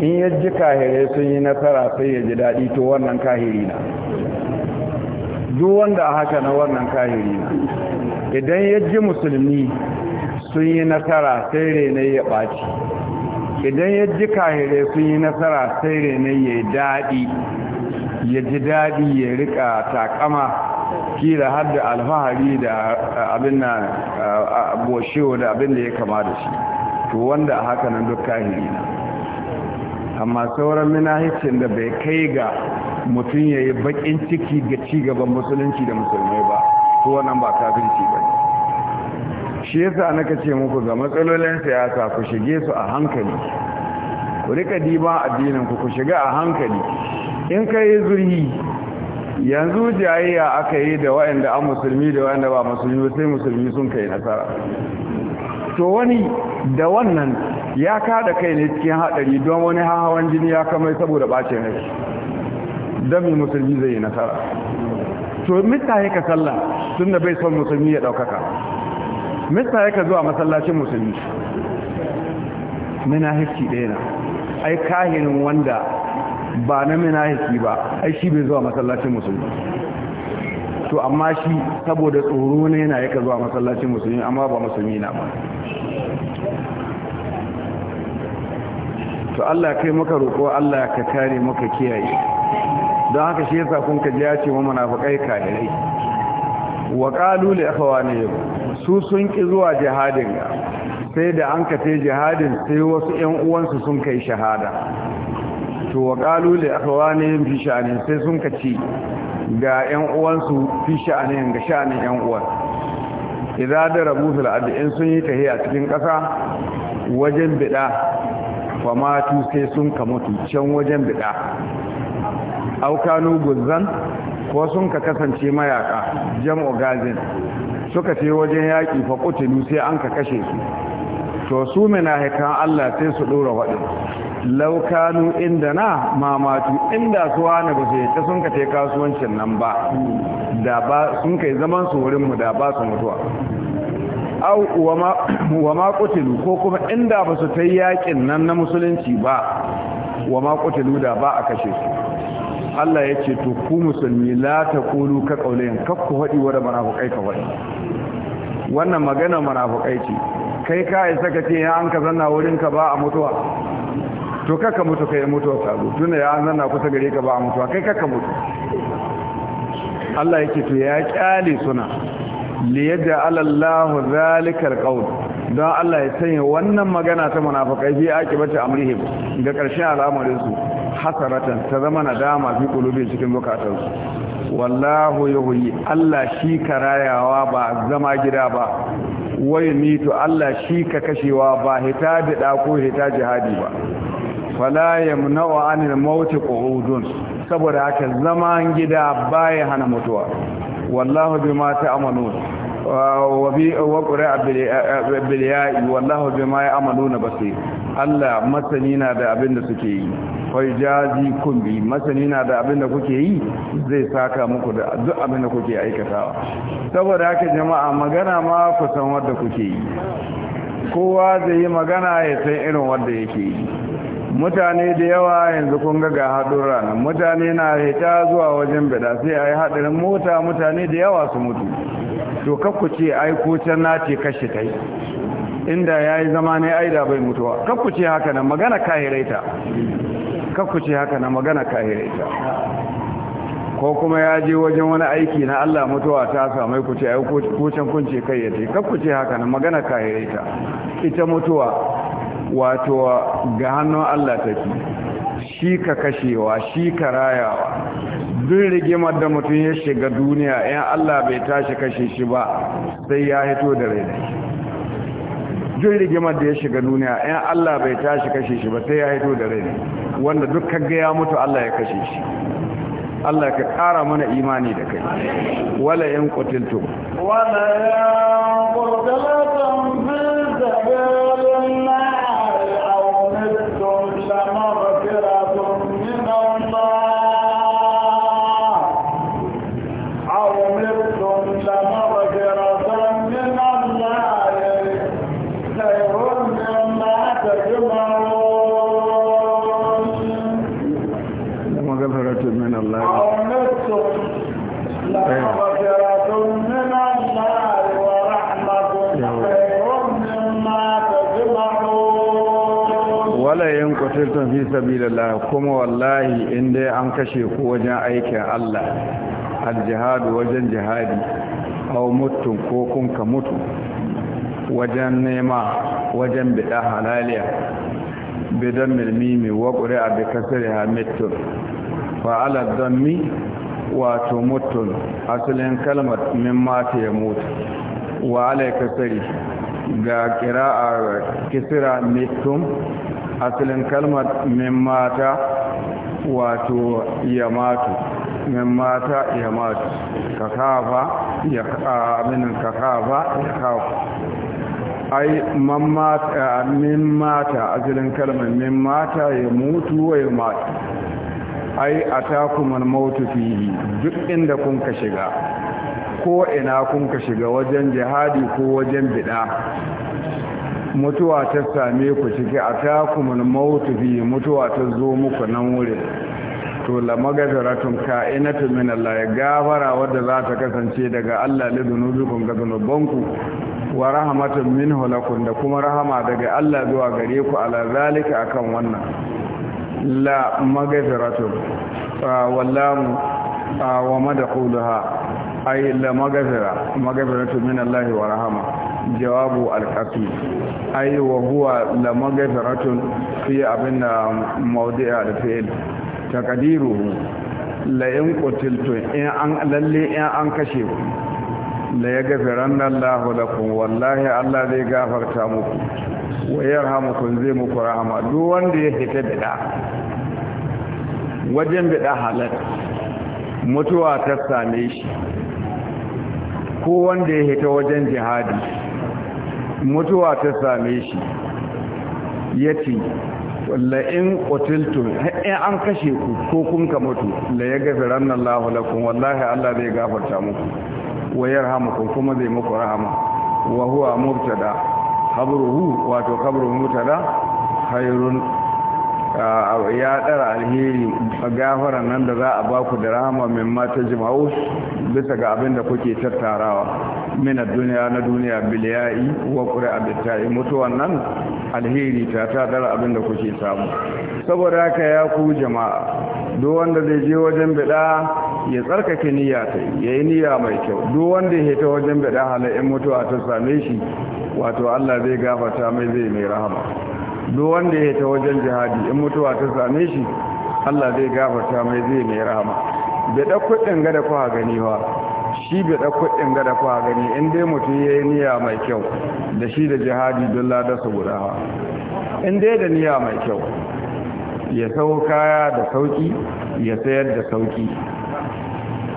in yajji kahire sun yi nasara sai ya ji daɗi to wannan kahiri na duk wanda a haka na wannan kahiri na idan yajji musulmi sun yi nasara sai rene ya ɓaci idan yajji kahire sun yi nasara sai rene ya yi daɗi ya ji daɗi ya rika takama kila har da alfahari da abin na boshewa da abin da ya kama da shi to wanda a haka nan duk kahiri na amma sauran minahicin da bai kai ga mutum ya yi bakin ciki ga cigaban musulunci da musulmai ba to wannan ba kafirci ba shi yasa naka ce muku ga matsalolin siyasa ku shige su a hankali ku rika diba addinin ku ku shiga a hankali in ka yi zurhi yanzu jayayya aka yi da waɗanda an musulmi da waɗanda ba musulmi sai musulmi sun kai nasara to wani da wannan ya kada kai ne cikin haɗari don wani hawan jini ya kamai saboda ɓacin rai don mai musulmi zai yi nasara to mista ya ka sallah tun da bai son musulmi ya ɗaukaka mista ya ka zuwa masallacin musulmi muna hifki ɗaya na ai kahirin wanda ba na minahiki ba ai shi bai zuwa masallacin musulmi to amma shi saboda tsoro ne yana yaka zuwa masallacin musulmi amma ba musulmi na ba to Allah kai maka roƙo Allah ka kare maka kiyaye don haka shi yasa kun ka ji ya ce mu munafiqai kafirai wa qalu li akhwanihim su sun ki zuwa jihadin sai da an ka jihadin sai wasu ƴan uwansu sun kai shahada to wa qalu li yin fi sha'ani sai sun kace ga ƴan uwansu fi sha'ani ga sha'ani ƴan uwan idza darabu fil ardi in sun yi tahiya cikin ƙasa wajen bida fa tu sai sun ka mutu can wajen bida aukanu guzzan ko sun ka kasance mayaka jam'u gazin suka ce wajen yaki, fa kutulu sai an ka kashe su to su mina haikan Allah sai su ɗora wadin laukanu inda na mamatu inda su wani ba su ta sun ka kasuwancin nan ba da ba sun kai zaman su wurinmu da ba su mutuwa au wa ma kutilu ko kuma inda ba su ta yakin nan na musulunci ba wa ma kutilu da ba a kashe su Allah ya ce to ku musulmi la ta kulu ka kaulayin kakku haɗi wa da ka faɗi wannan magana manafukai ce kai ka isa ka ce ya an ka zanna wurinka ba a mutuwa to kaka mutu kai mutuwa sabo tunda ya zanna kusa gare ka ba a mutuwa kai kaka mutu Allah yake to ya kyale suna yadda alallahu zalikal qaul don Allah ya sanya wannan magana ta munafikai fi akibati amrihim ga ƙarshen al'amarin su hasaratan ta zama nadama fi qulubi cikin bukatun su wallahu yuhyi Allah shi karayawa ba zama gida ba wai ni to Allah shi ka kashewa ba hita da ko hita jihadi ba fala yamna'u anil ko qu'udun saboda haka zaman gida baya hana mutuwa wallahu bima ta'malun wa bi wa bil ya'i wallahu bima ya'maluna basir Allah masani na da abin da suke yi wai jazi kumbi masani na da abin da kuke yi zai saka muku da duk abin da kuke aikatawa saboda haka jama'a magana ma ku san wanda kuke yi kowa zai yi magana ya san irin wanda yake yi mutane da yawa yanzu kun ga ga haɗura nan mutane na hita zuwa wajen bida sai a yi haɗarin mota mutane da yawa su mutu to kakku ce ai ko can na ce kashe ta yi inda ya yi zama ne ai da bai mutuwa kakku ce haka nan magana kahiraita kakku ce haka na magana kahiraita ko kuma ya je wajen wani aiki na Allah mutuwa ta samai ku ce ai kunce kai ya ce kakku ce haka nan magana kahiraita ita mutuwa wato ga hannun Allah fi shi ka kashewa shi ka rayawa duk rigimar da mutum ya shiga duniya yan Allah bai tashi kashe shi ba sai ya hito da rai duk rigimar da ya shiga duniya yan Allah bai tashi kashe shi ba sai ya hito da rai wanda duk kaga ya mutu Allah ya kashe shi Allah ka ƙara mana imani da kai wala in qutiltum wala ya kuma wallahi in dai an kashe ku wajen aikin Allah aljihadu wajen jihadi au mutum ko kun ka mutu wajen nema wajen bida halaliya bidan milmimi wa ƙuri'a bi kasar hamittun don dammi wato mutum asalin kalmar min mata ya mutu wa alaikasari ga a kisira mutum. asalin kalmar min mata wato ya matu min mata ya matu ka kafa ya aminin ka kafa ya kafa ai min mata asalin kalmar min mata ya mutu wa ya matu ai a takumar mautu fiye duk inda kun ka shiga ko ina kun ka shiga wajen jihadi ko wajen bida mutuwa ta same ku ciki a mun mautu fi mutuwa ta zo muku nan wurin to la magafiratun ka'inatu min Allah ya gafara wadda za ta kasance daga Allah li dhunubikum ga dhunubanku wa rahmatun minhu lakum da kuma rahama daga Allah zuwa gare ku ala zalika akan wannan la magafiratun wallahu wa madkhulaha ay la magazara magazaratun min Allah wa rahama jawabu alƙasu ai wa huwa la magafaratun fi abin da maudu'a da fi'il taqdiruhu la in qutiltum in an lalle in an kashe ku la yaghfiranna Allahu lakum wallahi Allah zai gafarta muku wa yarhamukum zai muku rahama duk wanda ya hita bid'a wajen bid'a halal mutuwa ta same shi ko wanda ya hita wajen jihadi mutuwa ta same shi ya ce la'in ƙotiltu in an kashe ku ko kun ka mutu la ya gafi rannan lahulakun wallahi Allah zai gafarta muku wayar hamakun kuma zai muku rahama wa huwa mubtada kabruhu wato kabruhu murtada hairun. ya ɗara alheri a gafara nan da za a baku da rahama min mata jima'u bisa ga abin da kuke tattarawa mina duniya na duniya biliyayi wa ƙuri yi mutuwan nan alheri ta ta ɗara abin da kuke samu saboda haka ya ku jama'a duk wanda zai je wajen bida ya tsarkake niyya ta ya yi niyya mai kyau duk wanda ya ta wajen hala halayen mutuwa ta same shi wato allah zai gafata mai zai mai rahama duk wanda ya ta wajen jihadi in mutuwa ta same shi Allah zai gafarta mai zai mai rahama bai da kuɗin ga da kuwa gani ba shi bai da kuɗin ga da kuwa gani in dai mutum ya yi niyya mai kyau da shi da jihadi don lada su guda in dai da niyya mai kyau ya sau kaya da sauki ya sayar da sauki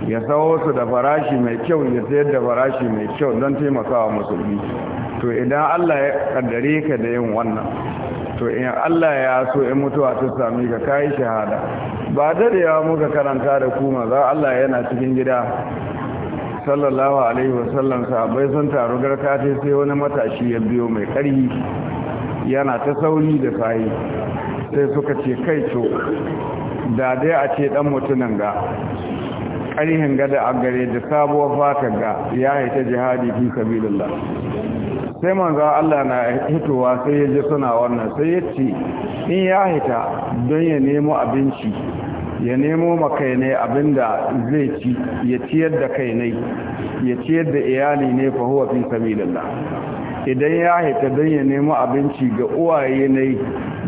ya sau su da farashi mai kyau ya sayar da farashi mai kyau don taimakawa musulmi to idan Allah ya kaddare ka da yin wannan to in Allah ya so in mutuwa ta sami ka kai shahada ba dadewa muka karanta da kuma za Allah yana cikin gida sallallahu alaihi wasallam sahabbai sun taru garka ta sai wani matashi ya biyo mai karhi yana ta sauri da fayi. sai suka ce kai to da dai a ce dan mutunan ga ƙarihin gada a gare da sabuwar fatar ga ya haita jihadi fi sabilillah sai manzo Allah na hitowa sai ya ji suna wannan sai ya ce in ya hita don ya nemo abinci ya nemo makainai abinda zai ci ya ciyar da kainai ya ciyar da iyali ne fa huwa fi sabilillah idan ya hita don ya nemo abinci ga uwaye ne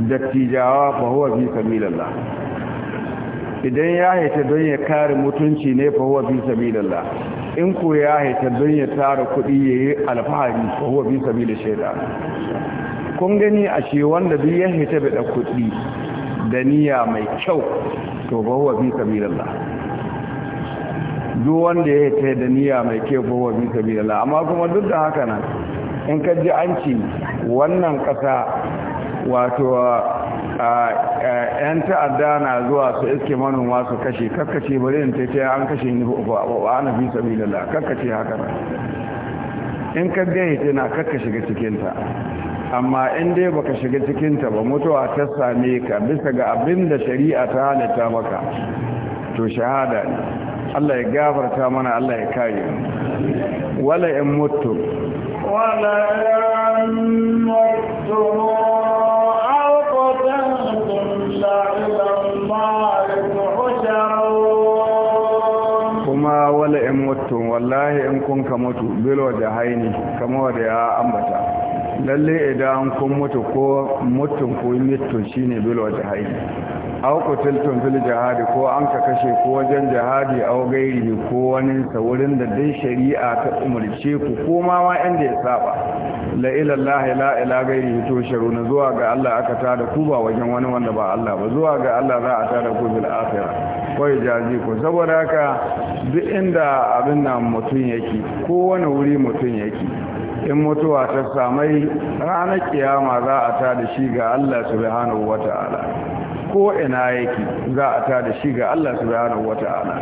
da tijawa fa huwa fi sabilillah idan ya hita don ya kare mutunci ne fa huwa fi sabilillah in ko ya haita don ya tara kuɗi ya yi alfahari ko huwa bi sabi da shaida kun gani a ce wanda duk ya haita bada kuɗi da niyya mai kyau to ba huwa bi sabi da Allah duk wanda ya haita da niyya mai kyau ba huwa bi sabi da Allah amma kuma duk da haka nan in ka ji an ci wannan ƙasa wato yan ta'adda na zuwa su iske manoma su kashe kakkace bari in taita an kashe ni ba na fi lalla kakkace haka in ka dai tana kakka shiga cikinta amma in dai baka shiga cikinta ba mutuwa ta same ka bisa ga abin da shari'a ta halitta maka to shahada ne Allah ya gafarta mana Allah ya kare wala in mutu wala in mutu kuma wala en mottun wallahi en konka motu beloode hayni kamoode a ambata lallei e da an kon moto ko mottun ko mettun shi ne beloode hayni aw qutiltum fil jihad ko an ka kashe ko wajen jihadi aw gairi ko wani sa wurin da dai shari'a ta umurce ku ko ma wa inda ya saba la ilallahi la ila gairi to na zuwa ga Allah aka tada ku ba wajen wani wanda ba Allah ba zuwa ga Allah za a tada ku bil akhirah kawai jaji ku saboda haka duk inda abin na mutum yake ko wani wuri mutum yake in mutuwa ta samai ranar kiyama za a ta da shi ga Allah subhanahu wata'ala ko ina yake za a ta da shi ga Allah subhanahu wata'ala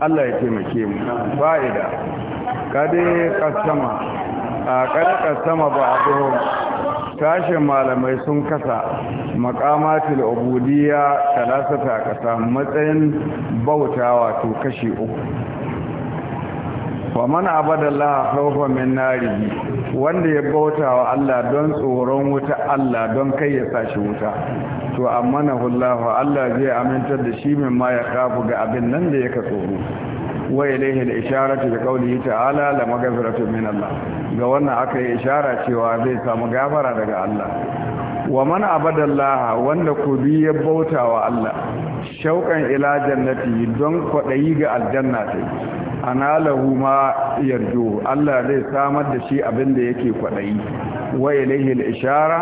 Allah ya taimake mu fa'ida kade kasama a kade kasama ba a tashin malamai sun kasa makamatul ubudiyya talasata kasa matsayin bautawa to kashi uku wa mana abadallah khawfa min narihi wanda ya bauta wa Allah don tsoron wuta Allah don kai ya sashi wuta to amana hullahu Allah zai amintar da shi min ma ya kafu ga abin nan da yake tsoro wa ilayhi al-isharatu bi qawlihi ta'ala la maghfiratu min Allah ga wannan aka yi ishara cewa zai samu gafara daga Allah wa man laha, wanda ku bi ya bauta wa Allah shauƙan ila jannati don kwaɗayi ga aljanna ta ana lahu ma yarju Allah zai samar da shi abin da yake kwaɗayi wa ilaihi al-ishara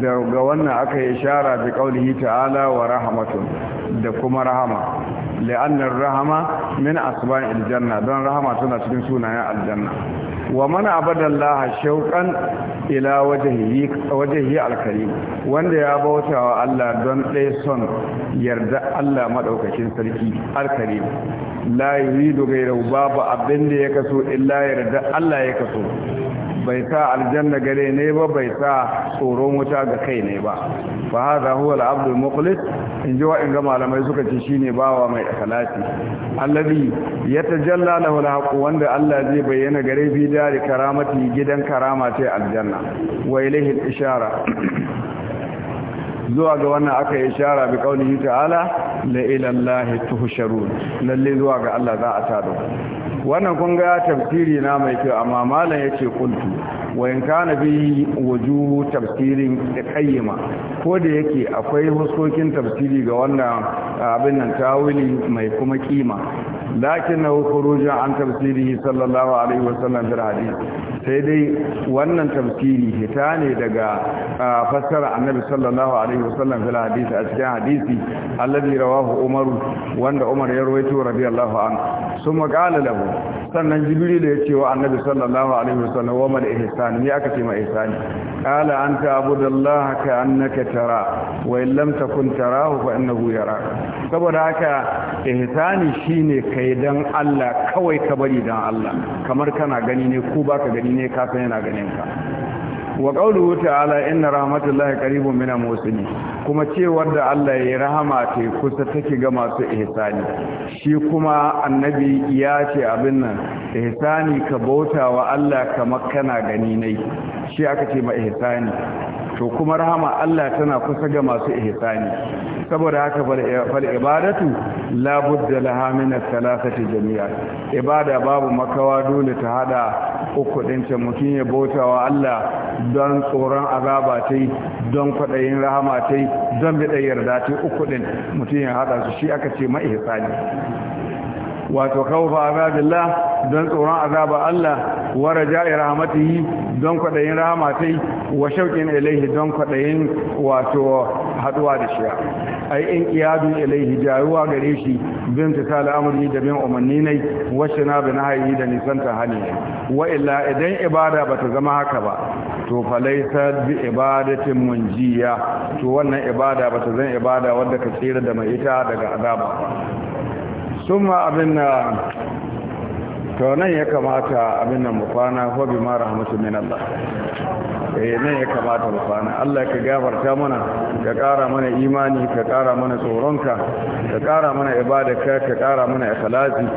da ga wannan aka yi ishara bi qaulihi ta'ala wa rahmatun da kuma rahama la'annar rahama min asba'il janna don rahama tana cikin sunayen aljanna wa mana Allah shauqan ila wajhihi wajhihi alkarim wanda ya bautawa Allah don dai son yarda Allah madaukakin sarki alkarim la yuridu ghayra babu abin da ya kaso illa yarda Allah ya kaso bai sa aljanna gare ne ba bai sa tsoron wuta ga kai ne ba fa hadha huwa al-abd al in ji wa'in ga malamai suka ce shine bawa mai akhlaqi alladhi yatajalla lahu al-haqq wanda Allah zai bayyana gare bi da karamati gidan karama ce aljanna wa ilayhi al-ishara zuwa ga wannan aka yi shara bi yi ta'ala la lallai lalle zuwa ga Allah za a tado wannan kun ga tafsiri na mai kyau amma malam ya ce kuntu wa ka na bi waju tafsirin kayyama ko da yake akwai huskokin tafsiri ga wannan abin nan tawili mai kuma kima Lakin na khurujun an tafsirihi sallallahu alaihi wasallam bil hadith sai dai wannan tafsiri hita ne daga fassara annabi sallallahu alaihi wasallam bil hadith a cikin hadisi alladhi rawahu umar wanda umar ya rawaito radiyallahu anhu summa qala lahu sannan jibril ya ce wa annabi sallallahu alaihi wasallam wa mal ihsan ni aka ce ma ihsan qala anta abudallaha ka annaka tara wa in lam takun tarahu fa innahu yara saboda haka ihsani shine kai kai don Allah kawai ka bari don Allah kamar kana gani ne ko baka gani ne ka yana ganin ka wa qawluhu ta'ala inna rahmatullahi qaribun minal muslimin kuma cewar da Allah ya rahama ta kusa take ga masu ihsani shi kuma annabi ya ce abin nan ihsani ka bauta wa Allah kamar kana gani nai shi aka ce ma ihsani to kuma rahama Allah tana kusa ga masu ihsani saboda haka fal ibadatu la budda laha min thalathati jami'a ibada babu makawa dole ta hada uku din ta ya bautawa Allah don tsoron azaba tai don kwadayin rahama tai don bi yarda ta uku ɗin mutum ya haɗa su shi aka ce mai wato khawfa azabillah don tsoron azaba Allah wa raja'i rahmatihi don kwadayin rahmatai wa shauqin ilaihi don kwadayin wato haduwa da shi ai in qiyadu ilaihi jayuwa gare shi bin tsala amri da bin umanni ne wa bin hayi da nisan ta hali wa illa idan ibada bata zama haka ba to laysa bi ibadatin munjiya to wannan ibada bata zan ibada wanda ka tsira da mai ita daga azaba sun ma abin na nan ya kamata abin nan mukwana ko bi ma rahmatu min Allah eh nan ya kamata mukwana Allah ka gafarta mana ka ƙara mana imani ka ƙara mana tsoronka ka ƙara mana ibadarka ka ƙara mana ikhlasi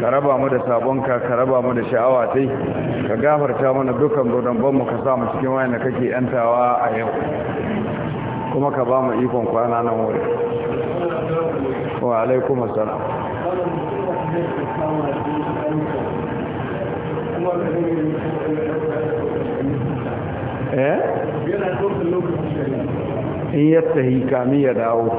ka raba mu da sabonka ka raba mu da sha'awa tai ka gafarta mana dukan ban mu ka sa mu cikin da kake antawa a yau kuma ka ba mu ikon kwana nan wuri wa a'laikum salam Eh? in ya ya dawo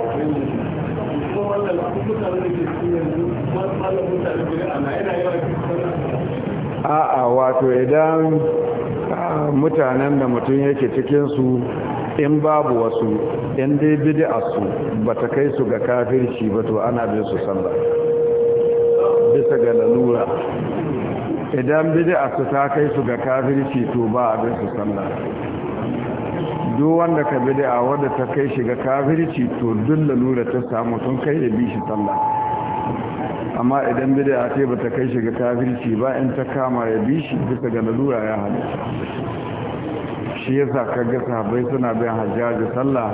a'a wato idan ah, mutanen da mutum yake cikinsu in babu wasu in dai bidi a su ba ta kai su ga kafirci ba to ana bin su sanda bisa ga lalura idan bid'a su ta kai su ga kafirci to ba bin su sallah duk wanda ka bid'a wadda ta kai shi ga kafirci to duk lalura ta samu tun kai da bishi sallah amma idan bid'a ce ba ta kai shi ga kafirci ba in ta kama ya bishi bisa ga lalura ya hannu shi ya ka kaga bai suna bin hajjaji sallah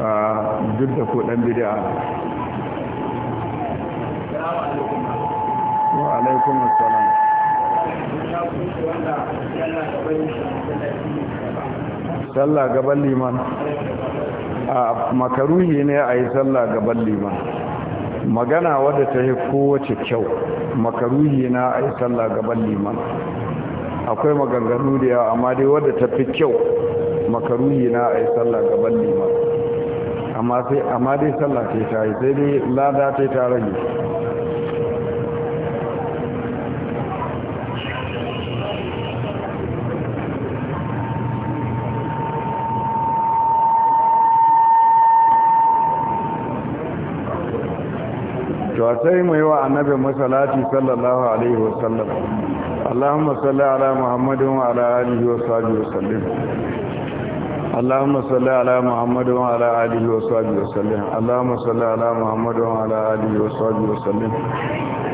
ah, duk da ko dan bid'a alaikum assalam sallah gaban liman a makaruhi ne a yi sallah gaban liman magana wadda ta yi kowace kyau makaruhi na a yi sallah gaban liman akwai maganganu da yawa amma dai wadda ta fi kyau makaruhi na a yi sallah gaban liman amma dai sallah ta yi sai dai lada ta yi ta rage To a sai mu yi wa annabi masalati sallallahu alaihi wasallam Allahumma salli ala Muhammadin wa ala alihi wa sahbihi wasallam Allahumma salli ala Muhammadin wa ala alihi wa sahbihi wasallam Allahumma salli ala Muhammadin wa ala alihi wa sahbihi wasallam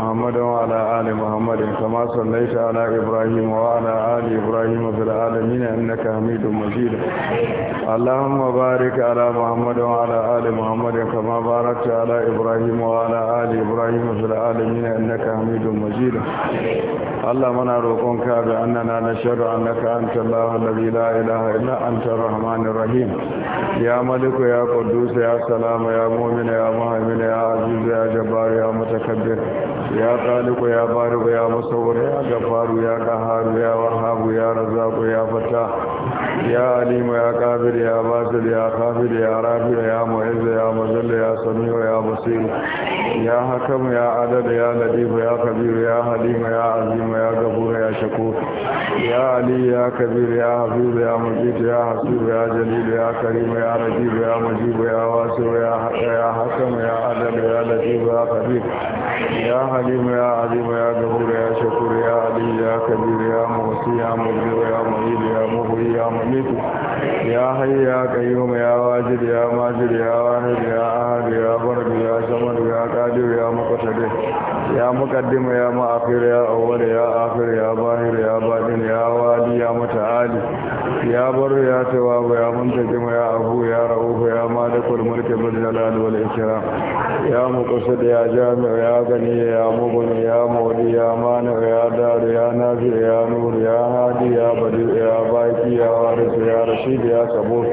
محمد وعلى آل محمد كما صليت على إبراهيم وعلى آل إبراهيم في العالمين إنك حميد مجيد اللهم بارك على محمد وعلى آل محمد كما باركت على إبراهيم وعلى آل إبراهيم في العالمين إنك حميد مجيد اللهم نروقك بأننا نشهد أنك أنت الله الذي لا إله إلا أنت الرحمن الرحيم يا ملك يا قدوس يا سلام يا مؤمن يا مهيمن يا عزيز يا جبار يا متكبر ya ƙaliko ya bariku ya musawwir ya ghafaru ya qaharu ya wahhabu ya razaku ya fata ya alimu ya qabir ya basir ya khafid ya rafi ya mu'izz ya muzall ya samiu ya basir ya hakamu ya adad ya latif ya kabiru ya halima ya azima ya ghafur شكور يا علي يا كبير يا عظيم يا مجيد يا حسيب يا جليل يا كريم يا رجيب يا مجيب يا واسع يا يا حكم يا عدل يا لطيف يا خبير يا حليم يا عظيم يا غفور يا شكور يا علي يا كبير يا محسن يا مجيد يا معيد يا مغوي يا مميت يا حي يا قيوم يا واجد يا ماجد يا واحد يا احد يا برد يا سمد يا قادر يا مقتدر ya mukaddima ya ma'afir ya awwal ya akhir ya bahir ya badin ya wadi ya muta'ali ya bar ya tawab ya muntajim ya abu ya rauf ya malikul mulk bil jalal wal ikram ya muqassid ya jami ya gani ya mubin ya mawdi ya mani ya dar ya nafi ya nur ya hadi ya badi ya baqi ya waris ya rashid ya sabur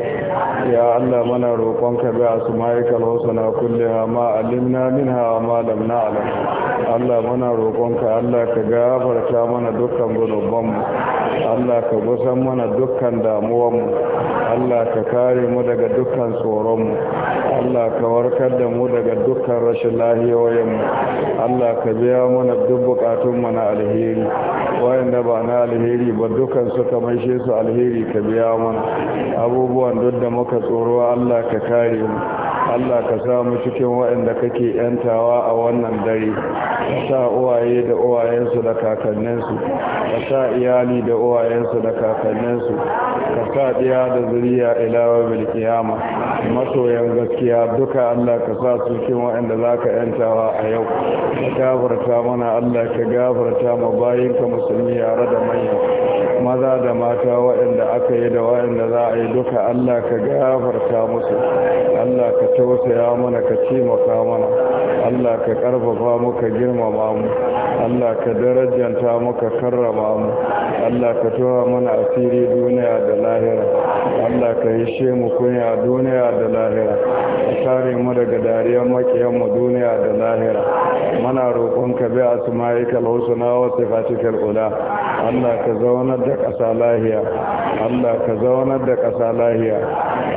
ya allah mana roƙonka bi asma'ika al-husna kulliha ma min minha wa ma lam na'lam Allah muna roƙonka Allah ka gafarta mana dukkan gudubanmu. Allah ka gusan mana dukkan damuwanmu Allah ka kare mu daga dukkan tsoronmu Allah ka warkar da mu daga dukkan rashin lahiyoyinmu Allah ka biya mana duk bukatunmu na alheri wayanda ba na alheri ba dukkan su ka maishe su alheri ka biya mana abubuwan duk da muka tsoro Allah ka kare mu Allah ka samu cikin waɗanda kake ‘yantawa a wannan dare ka sa uwaye da uwayensu da kakanninsu ka sa iyali da uwayensu da kakanninsu ka sa ɗiya da zuriya ilawa bil kiyama masoyan gaskiya duka Allah ka sa su cikin waɗanda za ka yantawa a yau ka gafarta mana Allah ka gafarta ma bayinka musulmi yare da manya maza da mata waɗanda aka yi da waɗanda za a yi duka Allah ka gafarta musu Allah ka tausaya mana ka cimaka mana Allah ka karfafa muka gina girmama mu Allah ka darajanta mu karrama mu Allah ka tura mana asiri duniya da lahira Allah ka hishe mu kunya duniya da lahira ka kare mu daga dariyar makiyan mu duniya da lahira muna roƙon ka bi asma'ikal husna wa sifatika ula Allah ka zaunar da ƙasa lahiya Allah ka zaunar da ƙasa lahiya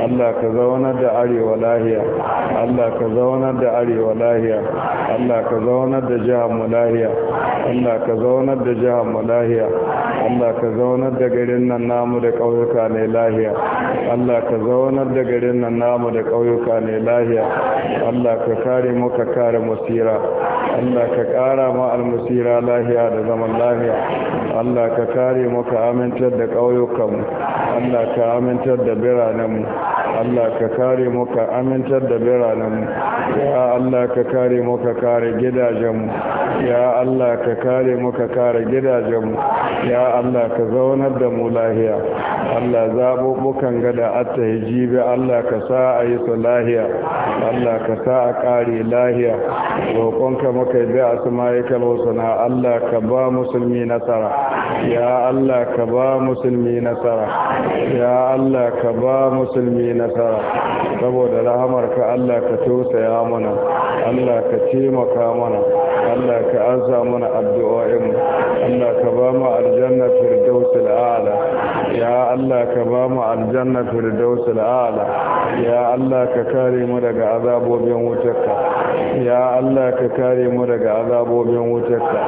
Allah ka zaunar da arewa lahiya Allah ka zaunar da arewa lahiya Allah ka zaunar da jihar mu lahiya Allah ka zaunar da jihar mu lahiya Allah ka zaunar da garin nan namu da ƙauyuka ne lahiya Allah ka zaunar da garin nan namu da ƙauyuka ne lahiya Allah ka kare mu ka kare mu tsira. Allah ka ƙara ma almasira lahiya da zaman lahiya Allah ka kare mu amintar da ƙauyukanmu Allah ka amintar da biranenmu Allah ka kare muka amintar da biranenmu ya Allah ka kare muka ka kare gidajenmu ya Allah ka kare muka ka kare gidajenmu ya Allah ka zaunar da mu lahiya Allah zaɓuɓɓukan gada atta hijibi Allah ka sa a yi su lahiya Allah ka sa a kare lahiya roƙonka muka yi bi su ma'aikal husna Allah ka ba musulmi nasara ya Allah ka ba musulmi nasara ya Allah ka ba musulmi nasara Saboda saboda ka, Allah ka tausaya mana Allah ka taimaka mana Allah ka ansa mana addu'o'in Allah ka ba mu aljanna firdausul a'la ya Allah ka ba mu aljanna firdausul a'la ya Allah ka kare mu daga azabobin wutarka ya Allah ka kare mu daga azabobin wutarka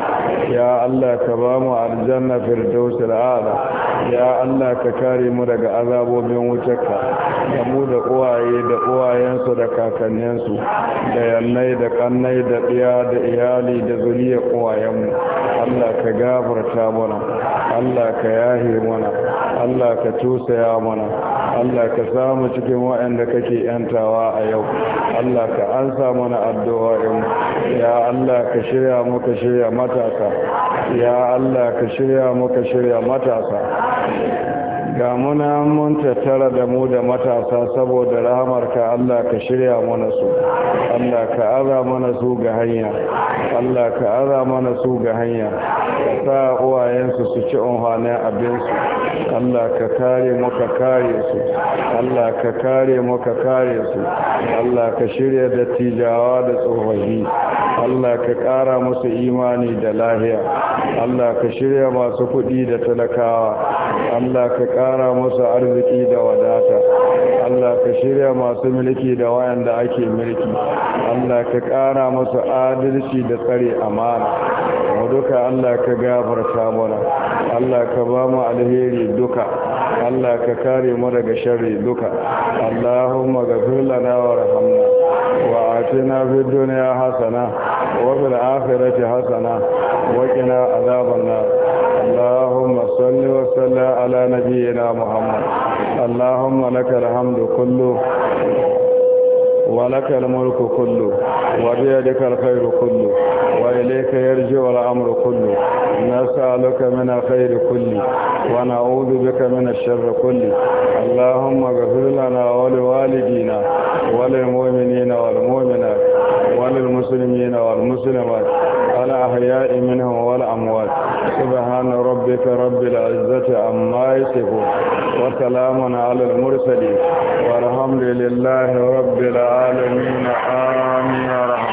ya Allah ka ba mu aljanna firdausul a'la ya Allah ka kare mu daga azabobin wutarka da mu da uwaye da uwayensu da kakanninsu da yannai da kannai da ɗiya da iyali da zuriyar uwayenmu Allah ka gafarta mana Allah ka yahe mana Allah ka tusaya mana Allah ka samu cikin waɗanda kake yantawa a yau Allah ka ansa mana addu'o'in ya Allah ka shirya muka shirya matasa ya Allah ka shirya muka shirya matasa ga muna mun tattara da mu da matasa saboda rahamarka Allah ka shirya mana su Allah ka ara mana su ga hanya Allah ka ara mana su ga hanya ka sa uwayensu su ci abin abinsu Allah ka kare mu ka kare su Allah ka kare mu ka kare su Allah ka shirya da tijawa da tsofaffi Allah ka kara musu imani da lahiya Allah ka shirya masu kuɗi da talakawa Allah ka ƙara masa arziki da wadata Allah ka shirya masu mulki da wayanda ake mulki Allah ka ƙara masa adalci da tsare amana mu duka Allah ka gafarta mana Allah ka ba mu alheri duka Allah ka kare mu daga sharri duka Allahumma ghafir lana warhamna وآتنا في الدنيا حسنة وفي الآخرة حسنة وقنا عذاب النار اللهم صل وسلم على نبينا محمد اللهم لك الحمد كله ولك الملك كله وبيدك الخير كله وإليك يرجع الأمر كله نسألك من الخير كله ونعوذ بك من الشر كله اللهم اغفر لنا ولوالدينا وللمؤمنين والمؤمنات وللمسلمين والمسلمات الأحياء منهم والأموات سبحان ربك رب العزة عما يصفون وسلام على المرسلين والحمد لله رب العالمين آمين يا رحمة